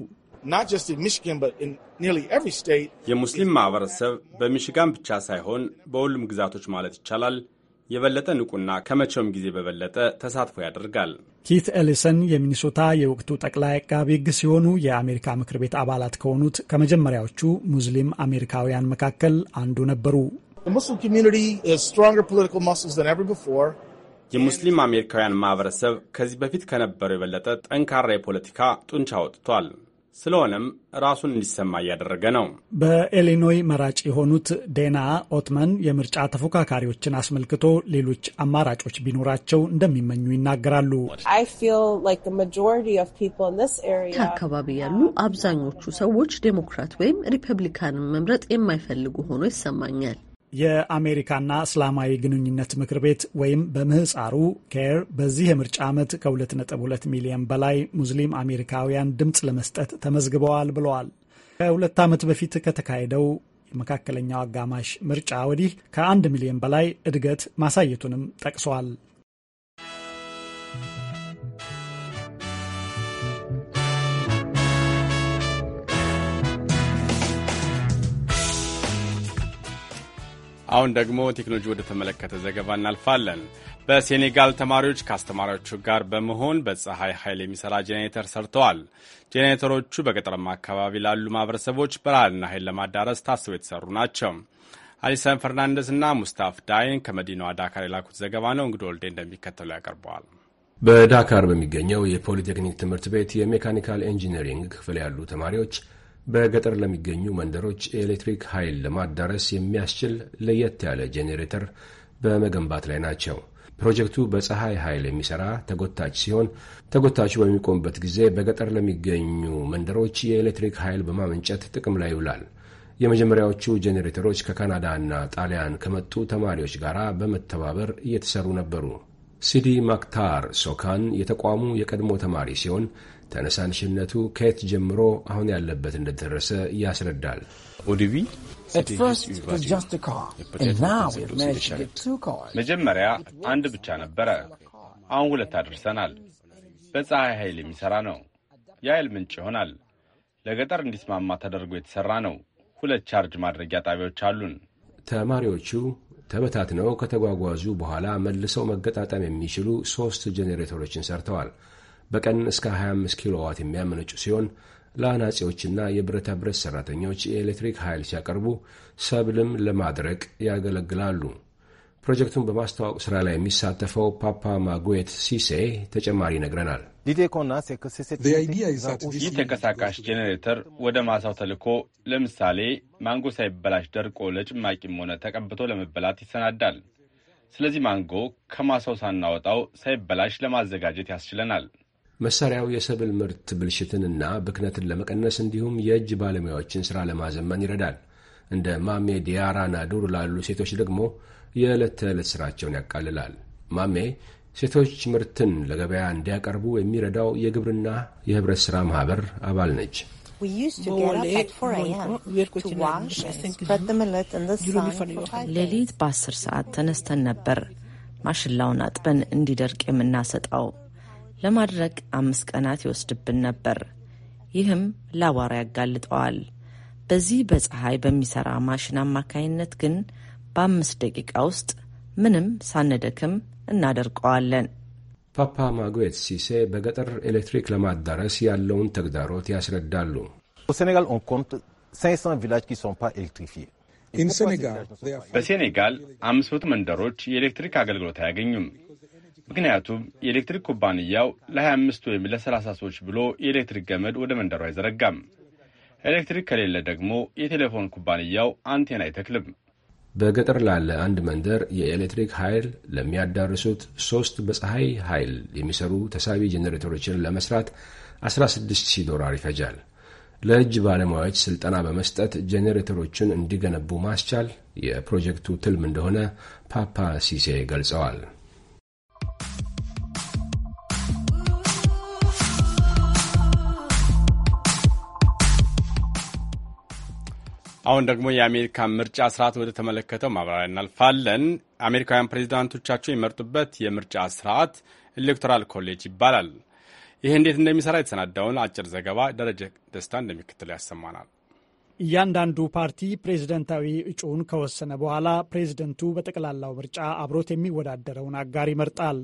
የሙስሊም ማህበረሰብ በሚሽጋን ብቻ ሳይሆን በሁሉም ግዛቶች ማለት ይቻላል የበለጠ ንቁና ከመቼውም ጊዜ በበለጠ ተሳትፎ ያደርጋል። ኪት ኤሊሰን የሚኒሶታ የወቅቱ ጠቅላይ አቃቢ ሕግ ሲሆኑ የአሜሪካ ምክር ቤት አባላት ከሆኑት ከመጀመሪያዎቹ ሙስሊም አሜሪካውያን መካከል አንዱ ነበሩ። የሙስሊም አሜሪካውያን ማህበረሰብ ከዚህ በፊት ከነበረው የበለጠ ጠንካራ የፖለቲካ ጡንቻ ወጥቷል። ስለሆነም ራሱን እንዲሰማ እያደረገ ነው። በኢሊኖይ መራጭ የሆኑት ዴና ኦትመን የምርጫ ተፎካካሪዎችን አስመልክቶ ሌሎች አማራጮች ቢኖራቸው እንደሚመኙ ይናገራሉ። አካባቢ ያሉ አብዛኞቹ ሰዎች ዴሞክራት ወይም ሪፐብሊካንን መምረጥ የማይፈልጉ ሆኖ ይሰማኛል። የአሜሪካና እስላማዊ ግንኙነት ምክር ቤት ወይም በምህፃሩ ኬር በዚህ የምርጫ ዓመት ከ2.2 ሚሊዮን በላይ ሙስሊም አሜሪካውያን ድምፅ ለመስጠት ተመዝግበዋል ብለዋል። ከሁለት ዓመት በፊት ከተካሄደው የመካከለኛው አጋማሽ ምርጫ ወዲህ ከአንድ ሚሊዮን በላይ እድገት ማሳየቱንም ጠቅሰዋል። አሁን ደግሞ ቴክኖሎጂ ወደ ተመለከተ ዘገባ እናልፋለን። በሴኔጋል ተማሪዎች ከአስተማሪዎቹ ጋር በመሆን በፀሐይ ኃይል የሚሰራ ጄኔሬተር ሰርተዋል። ጄኔሬተሮቹ በገጠራማ አካባቢ ላሉ ማህበረሰቦች ብርሃንና ኃይል ለማዳረስ ታስበው የተሰሩ ናቸው። አሊሳን እና ሙስታፍ ዳይን ከመዲናዋ ዳካር የላኩት ዘገባ ነው። እንግዲህ ወልዴ እንደሚከተሉ ያቀርበዋል። በዳካር በሚገኘው የፖሊቴክኒክ ትምህርት ቤት የሜካኒካል ኢንጂነሪንግ ክፍል ያሉ ተማሪዎች በገጠር ለሚገኙ መንደሮች የኤሌክትሪክ ኃይል ለማዳረስ የሚያስችል ለየት ያለ ጄኔሬተር በመገንባት ላይ ናቸው። ፕሮጀክቱ በፀሐይ ኃይል የሚሰራ ተጎታች ሲሆን ተጎታቹ በሚቆምበት ጊዜ በገጠር ለሚገኙ መንደሮች የኤሌክትሪክ ኃይል በማመንጨት ጥቅም ላይ ይውላል። የመጀመሪያዎቹ ጄኔሬተሮች ከካናዳ እና ጣሊያን ከመጡ ተማሪዎች ጋር በመተባበር እየተሰሩ ነበሩ። ሲዲ ማክታር ሶካን የተቋሙ የቀድሞ ተማሪ ሲሆን ተነሳንሽነቱ ከየት ጀምሮ አሁን ያለበት እንደደረሰ ያስረዳል። መጀመሪያ አንድ ብቻ ነበረ። አሁን ሁለት አድርሰናል። በፀሐይ ኃይል የሚሠራ ነው። የኃይል ምንጭ ይሆናል። ለገጠር እንዲስማማ ተደርጎ የተሠራ ነው። ሁለት ቻርጅ ማድረጊያ ጣቢያዎች አሉን። ተማሪዎቹ ተበታትነው ከተጓጓዙ በኋላ መልሰው መገጣጠም የሚችሉ ሦስት ጄኔሬተሮችን ሰርተዋል። በቀን እስከ 25 ኪሎዋት የሚያመነጩ ሲሆን ለአናጺዎችና የብረታ ብረት ሠራተኞች የኤሌክትሪክ ኃይል ሲያቀርቡ ሰብልም ለማድረቅ ያገለግላሉ። ፕሮጀክቱን በማስተዋወቅ ሥራ ላይ የሚሳተፈው ፓፓ ማጉዌት ሲሴ ተጨማሪ ይነግረናል። ይህ ተንቀሳቃሽ ጄኔሬተር ወደ ማሳው ተልኮ ለምሳሌ ማንጎ ሳይበላሽ ደርቆ ለጭማቂም ሆነ ተቀብቶ ለመበላት ይሰናዳል። ስለዚህ ማንጎ ከማሳው ሳናወጣው ሳይበላሽ ለማዘጋጀት ያስችለናል። መሳሪያው የሰብል ምርት ብልሽትንና ብክነትን ለመቀነስ እንዲሁም የእጅ ባለሙያዎችን ስራ ለማዘመን ይረዳል። እንደ ማሜ ዲያራ ናዱር ላሉ ሴቶች ደግሞ የዕለት ተዕለት ስራቸውን ያቃልላል። ማሜ ሴቶች ምርትን ለገበያ እንዲያቀርቡ የሚረዳው የግብርና የህብረት ሥራ ማኅበር አባል ነች። ሌሊት በአስር ሰዓት ተነስተን ነበር ማሽላውን አጥበን እንዲደርቅ የምናሰጣው። ለማድረቅ አምስት ቀናት ይወስድብን ነበር። ይህም ለአቧራ ያጋልጠዋል። በዚህ በፀሐይ በሚሰራ ማሽን አማካይነት ግን በአምስት ደቂቃ ውስጥ ምንም ሳንደክም እናደርቀዋለን። ፓፓ ማጉዌት ሲሴ በገጠር ኤሌክትሪክ ለማዳረስ ያለውን ተግዳሮት ያስረዳሉ። በሴኔጋል አምስት መቶ መንደሮች የኤሌክትሪክ አገልግሎት አያገኙም። ምክንያቱም የኤሌክትሪክ ኩባንያው ለ25 ወይም ለ30 ሰዎች ብሎ የኤሌክትሪክ ገመድ ወደ መንደሩ አይዘረጋም። ኤሌክትሪክ ከሌለ ደግሞ የቴሌፎን ኩባንያው አንቴና አይተክልም። በገጠር ላለ አንድ መንደር የኤሌክትሪክ ኃይል ለሚያዳርሱት ሶስት በፀሐይ ኃይል የሚሰሩ ተሳቢ ጄኔሬተሮችን ለመስራት 16000 ዶላር ይፈጃል። ለእጅ ባለሙያዎች ስልጠና በመስጠት ጄኔሬተሮችን እንዲገነቡ ማስቻል የፕሮጀክቱ ትልም እንደሆነ ፓፓ ሲሴ ገልጸዋል። አሁን ደግሞ የአሜሪካን ምርጫ ስርዓት ወደ ተመለከተው ማብራሪያ እናልፋለን። አሜሪካውያን ፕሬዚዳንቶቻቸው የመርጡበት የምርጫ ስርዓት ኤሌክቶራል ኮሌጅ ይባላል። ይህ እንዴት እንደሚሰራ የተሰናዳውን አጭር ዘገባ ደረጀ ደስታ እንደሚከተለው ያሰማናል። እያንዳንዱ ፓርቲ ፕሬዝደንታዊ እጩውን ከወሰነ በኋላ ፕሬዝደንቱ በጠቅላላው ምርጫ አብሮት የሚወዳደረውን አጋር ይመርጣል።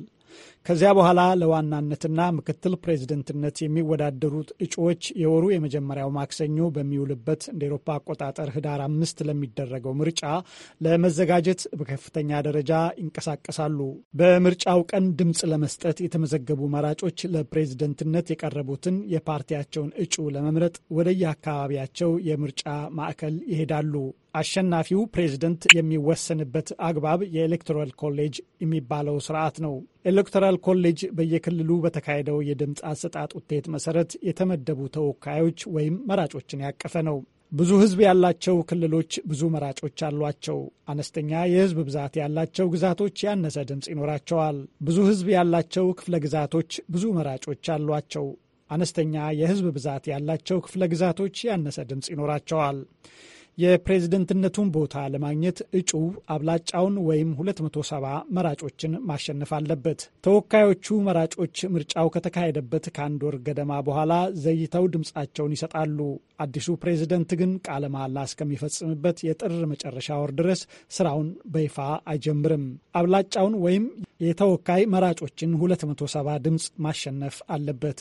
ከዚያ በኋላ ለዋናነትና ምክትል ፕሬዝደንትነት የሚወዳደሩት እጩዎች የወሩ የመጀመሪያው ማክሰኞ በሚውልበት እንደ ኤሮፓ አቆጣጠር ህዳር አምስት ለሚደረገው ምርጫ ለመዘጋጀት በከፍተኛ ደረጃ ይንቀሳቀሳሉ። በምርጫው ቀን ድምፅ ለመስጠት የተመዘገቡ መራጮች ለፕሬዝደንትነት የቀረቡትን የፓርቲያቸውን እጩ ለመምረጥ ወደየአካባቢያቸው የምርጫ ማዕከል ይሄዳሉ። አሸናፊው ፕሬዝደንት የሚወሰንበት አግባብ የኤሌክቶራል ኮሌጅ የሚባለው ስርዓት ነው። ኤሌክቶራል ሜዲካል ኮሌጅ በየክልሉ በተካሄደው የድምፅ አሰጣጥ ውጤት መሰረት የተመደቡ ተወካዮች ወይም መራጮችን ያቀፈ ነው። ብዙ ሕዝብ ያላቸው ክልሎች ብዙ መራጮች አሏቸው። አነስተኛ የሕዝብ ብዛት ያላቸው ግዛቶች ያነሰ ድምፅ ይኖራቸዋል። ብዙ ሕዝብ ያላቸው ክፍለ ግዛቶች ብዙ መራጮች አሏቸው። አነስተኛ የሕዝብ ብዛት ያላቸው ክፍለ ግዛቶች ያነሰ ድምፅ ይኖራቸዋል። የፕሬዝደንትነቱን ቦታ ለማግኘት እጩ አብላጫውን ወይም 270 መራጮችን ማሸነፍ አለበት። ተወካዮቹ መራጮች ምርጫው ከተካሄደበት ከአንድ ወር ገደማ በኋላ ዘይተው ድምፃቸውን ይሰጣሉ። አዲሱ ፕሬዝደንት ግን ቃለ መሐላ እስከሚፈጽምበት የጥር መጨረሻ ወር ድረስ ስራውን በይፋ አይጀምርም። አብላጫውን ወይም የተወካይ መራጮችን 270 ድምፅ ማሸነፍ አለበት።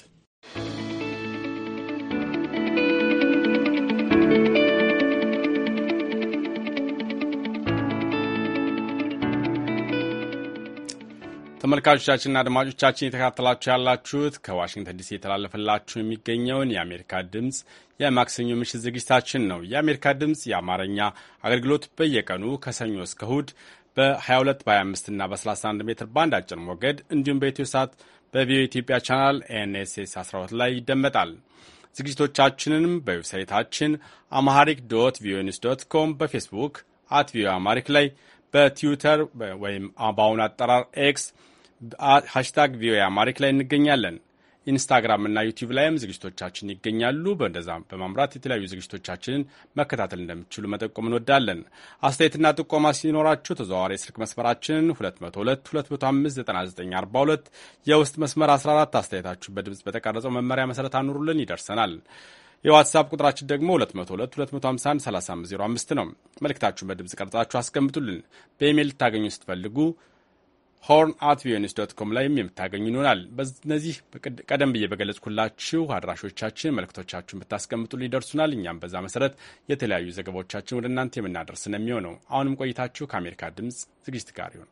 ተመልካቾቻችንና አድማጮቻችን የተካተላችሁ ያላችሁት ከዋሽንግተን ዲሲ የተላለፈላችሁ የሚገኘውን የአሜሪካ ድምፅ የማክሰኞ ምሽት ዝግጅታችን ነው። የአሜሪካ ድምፅ የአማርኛ አገልግሎት በየቀኑ ከሰኞ እስከ እሁድ በ22 በ25 እና በ31 ሜትር ባንድ አጭር ሞገድ እንዲሁም በኢትዮ ሳት በቪኦ ኢትዮጵያ ቻናል ኤንኤስኤስ 12 ላይ ይደመጣል። ዝግጅቶቻችንንም በዌብሳይታችን አማሐሪክ ዶት ቪኦኤ ኒውስ ዶት ኮም በፌስቡክ አት ቪኦኤ አማሪክ ላይ በትዊተር ወይም በአሁኑ አጠራር ኤክስ ሀሽታግ ቪኦኤ አማሪክ ላይ እንገኛለን። ኢንስታግራም እና ዩቲዩብ ላይም ዝግጅቶቻችን ይገኛሉ። በእንደዛ በማምራት የተለያዩ ዝግጅቶቻችንን መከታተል እንደሚችሉ መጠቆም እንወዳለን። አስተያየትና ጥቆማ ሲኖራችሁ ተዘዋዋሪ የስልክ መስመራችንን 2022059942 የውስጥ መስመር 14 አስተያየታችሁ በድምፅ በተቀረጸው መመሪያ መሰረት አኑሩልን፣ ይደርሰናል። የዋትሳፕ ቁጥራችን ደግሞ 222 2513505 ነው። መልእክታችሁን በድምፅ ቀርጻችሁ አስቀምጡልን። በኢሜይል ልታገኙ ስትፈልጉ ሆርን አት ቪኦኤ ዶት ኮም ላይም የምታገኙ ይሆናል። በነዚህ ቀደም ብዬ በገለጽኩላችሁ አድራሾቻችን መልእክቶቻችሁን ብታስቀምጡ ሊደርሱናል። እኛም በዛ መሰረት የተለያዩ ዘገባዎቻችን ወደ እናንተ የምናደርስ ነው የሚሆነው። አሁንም ቆይታችሁ ከአሜሪካ ድምጽ ዝግጅት ጋር ይሁን።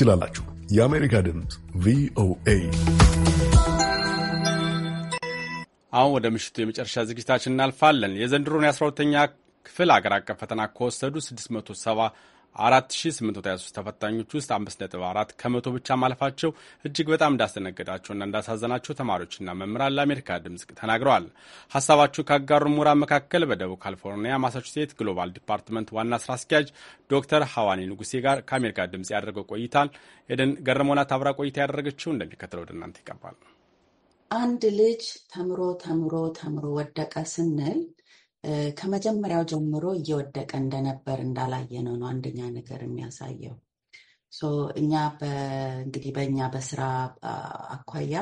ትችላላችሁ። የአሜሪካ ድምፅ ቪኦኤ። አሁን ወደ ምሽቱ የመጨረሻ ዝግጅታችን እናልፋለን። የዘንድሮን የ12ተኛ ክፍል አገር አቀፍ ፈተና ከወሰዱ 670 4823 ተፈታኞች ውስጥ 5.4 ከመቶ ብቻ ማለፋቸው እጅግ በጣም እንዳስደነገጣቸውና እንዳሳዘናቸው ተማሪዎችና መምህራን ለአሜሪካ ድምፅ ተናግረዋል። ሀሳባቸው ካጋሩ ምሁራን መካከል በደቡብ ካሊፎርኒያ ማሳቹሴት ግሎባል ዲፓርትመንት ዋና ስራ አስኪያጅ ዶክተር ሐዋኒ ንጉሴ ጋር ከአሜሪካ ድምፅ ያደረገው ቆይታል ኤደን ገረመውና ታብራ ቆይታ ያደረገችው እንደሚከተለው ወደ እናንተ ይቀርባል። አንድ ልጅ ተምሮ ተምሮ ተምሮ ወደቀ ስንል ከመጀመሪያው ጀምሮ እየወደቀ እንደነበር እንዳላየነው ነው አንደኛ ነገር የሚያሳየው። እኛ እንግዲህ በእኛ በስራ አኳያ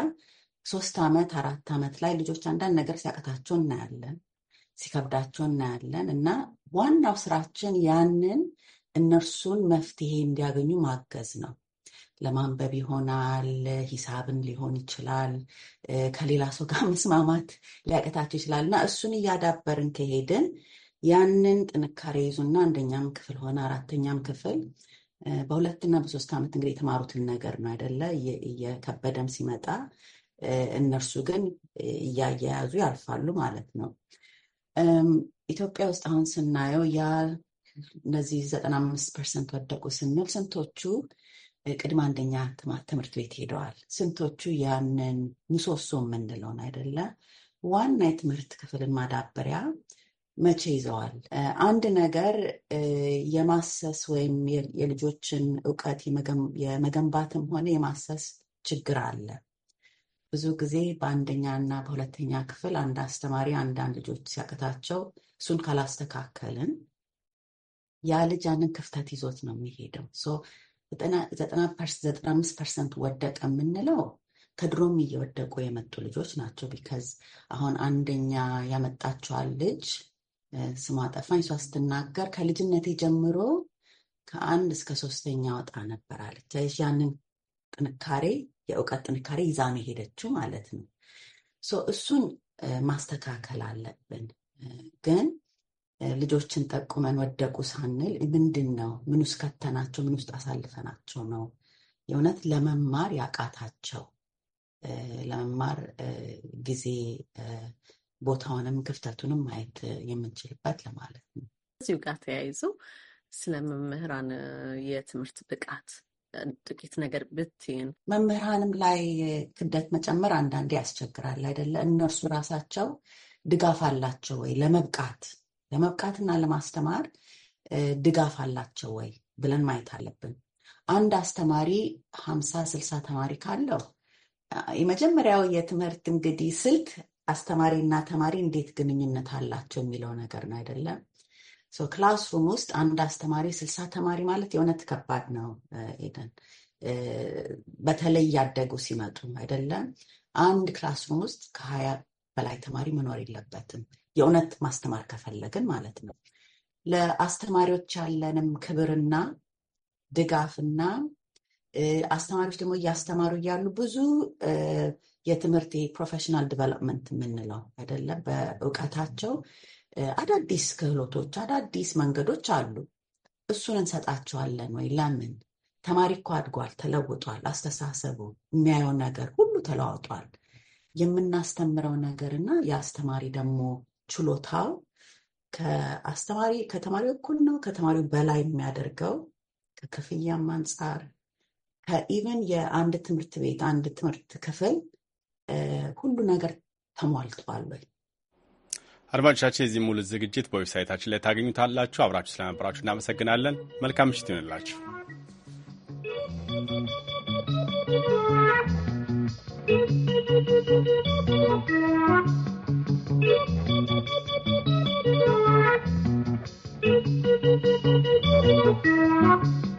ሶስት ዓመት አራት ዓመት ላይ ልጆች አንዳንድ ነገር ሲያቅታቸው እናያለን፣ ሲከብዳቸው እናያለን እና ዋናው ስራችን ያንን እነርሱን መፍትሄ እንዲያገኙ ማገዝ ነው። ለማንበብ ይሆናል፣ ሂሳብን ሊሆን ይችላል፣ ከሌላ ሰው ጋር (laughs) መስማማት ሊያቀታቸው ይችላል እና እሱን እያዳበርን ከሄድን ያንን ጥንካሬ ይዙና አንደኛም ክፍል ሆነ አራተኛም ክፍል በሁለትና በሶስት ዓመት እንግዲህ የተማሩትን ነገር ነው አይደለ? እየከበደም ሲመጣ እነርሱ ግን እያያያዙ ያልፋሉ ማለት ነው። ኢትዮጵያ ውስጥ አሁን ስናየው ያ እነዚህ ዘጠና አምስት ፐርሰንት ወደቁ ስንል ስንቶቹ ቅድመ አንደኛ ትምህርት ቤት ሄደዋል። ስንቶቹ ያንን ምሰሶ የምንለውን አይደለ ዋና የትምህርት ክፍል ማዳበሪያ መቼ ይዘዋል? አንድ ነገር የማሰስ ወይም የልጆችን እውቀት የመገንባትም ሆነ የማሰስ ችግር አለ። ብዙ ጊዜ በአንደኛ እና በሁለተኛ ክፍል አንድ አስተማሪ አንዳንድ ልጆች ሲያቅታቸው እሱን ካላስተካከልን ያ ልጅ ያንን ክፍተት ይዞት ነው የሚሄደው። ዘጠና ፐርሰንት ወደቀ የምንለው ከድሮም እየወደቁ የመጡ ልጆች ናቸው። ቢከዝ አሁን አንደኛ ያመጣችኋል ልጅ ስሟ ጠፋኝ። እሷ ስትናገር ከልጅነቴ ጀምሮ ከአንድ እስከ ሶስተኛ ወጣ ነበር አለች። ያንን ጥንካሬ የእውቀት ጥንካሬ ይዛ ነው የሄደችው ማለት ነው። እሱን ማስተካከል አለብን ግን ልጆችን ጠቁመን ወደቁ ሳንል ምንድን ነው ምን ውስጥ ከተናቸው ምን ውስጥ አሳልፈናቸው ነው የእውነት ለመማር ያቃታቸው ለመማር ጊዜ ቦታውንም ክፍተቱንም ማየት የምንችልበት ለማለት ነው። እዚሁ ጋር ተያይዞ ስለ መምህራን የትምህርት ብቃት ጥቂት ነገር ብትይን። መምህራንም ላይ ክብደት መጨመር አንዳንዴ ያስቸግራል አይደለ? እነርሱ ራሳቸው ድጋፍ አላቸው ወይ ለመብቃት ለመብቃትና ለማስተማር ድጋፍ አላቸው ወይ ብለን ማየት አለብን። አንድ አስተማሪ ሀምሳ ስልሳ ተማሪ ካለው የመጀመሪያው የትምህርት እንግዲህ ስልት አስተማሪና ተማሪ እንዴት ግንኙነት አላቸው የሚለው ነገር ነው አይደለም። ክላስሩም ውስጥ አንድ አስተማሪ ስልሳ ተማሪ ማለት የእውነት ከባድ ነው። ኤደን በተለይ ያደጉ ሲመጡ አይደለም። አንድ ክላስሩም ውስጥ ከሀያ በላይ ተማሪ መኖር የለበትም። የእውነት ማስተማር ከፈለግን ማለት ነው። ለአስተማሪዎች ያለንም ክብርና ድጋፍና አስተማሪዎች ደግሞ እያስተማሩ እያሉ ብዙ የትምህርት ፕሮፌሽናል ዲቨሎፕመንት የምንለው አይደለም፣ በእውቀታቸው አዳዲስ ክህሎቶች፣ አዳዲስ መንገዶች አሉ። እሱን እንሰጣቸዋለን ወይ? ለምን ተማሪ እኮ አድጓል፣ ተለውጧል። አስተሳሰቡ የሚያየው ነገር ሁሉ ተለዋውጧል። የምናስተምረው ነገር እና የአስተማሪ ደግሞ ችሎታው ከአስተማሪ ከተማሪው እኩል ነው፣ ከተማሪው በላይ የሚያደርገው ከክፍያም አንጻር ከኢቨን የአንድ ትምህርት ቤት አንድ ትምህርት ክፍል ሁሉ ነገር ተሟልቷል ወይ? አድማጮቻችን የዚህ ሙሉ ዝግጅት በዌብሳይታችን ላይ ታገኙታላችሁ። አብራችሁ ስለነበራችሁ እናመሰግናለን። መልካም ምሽት ይሆንላችሁ። Thank you.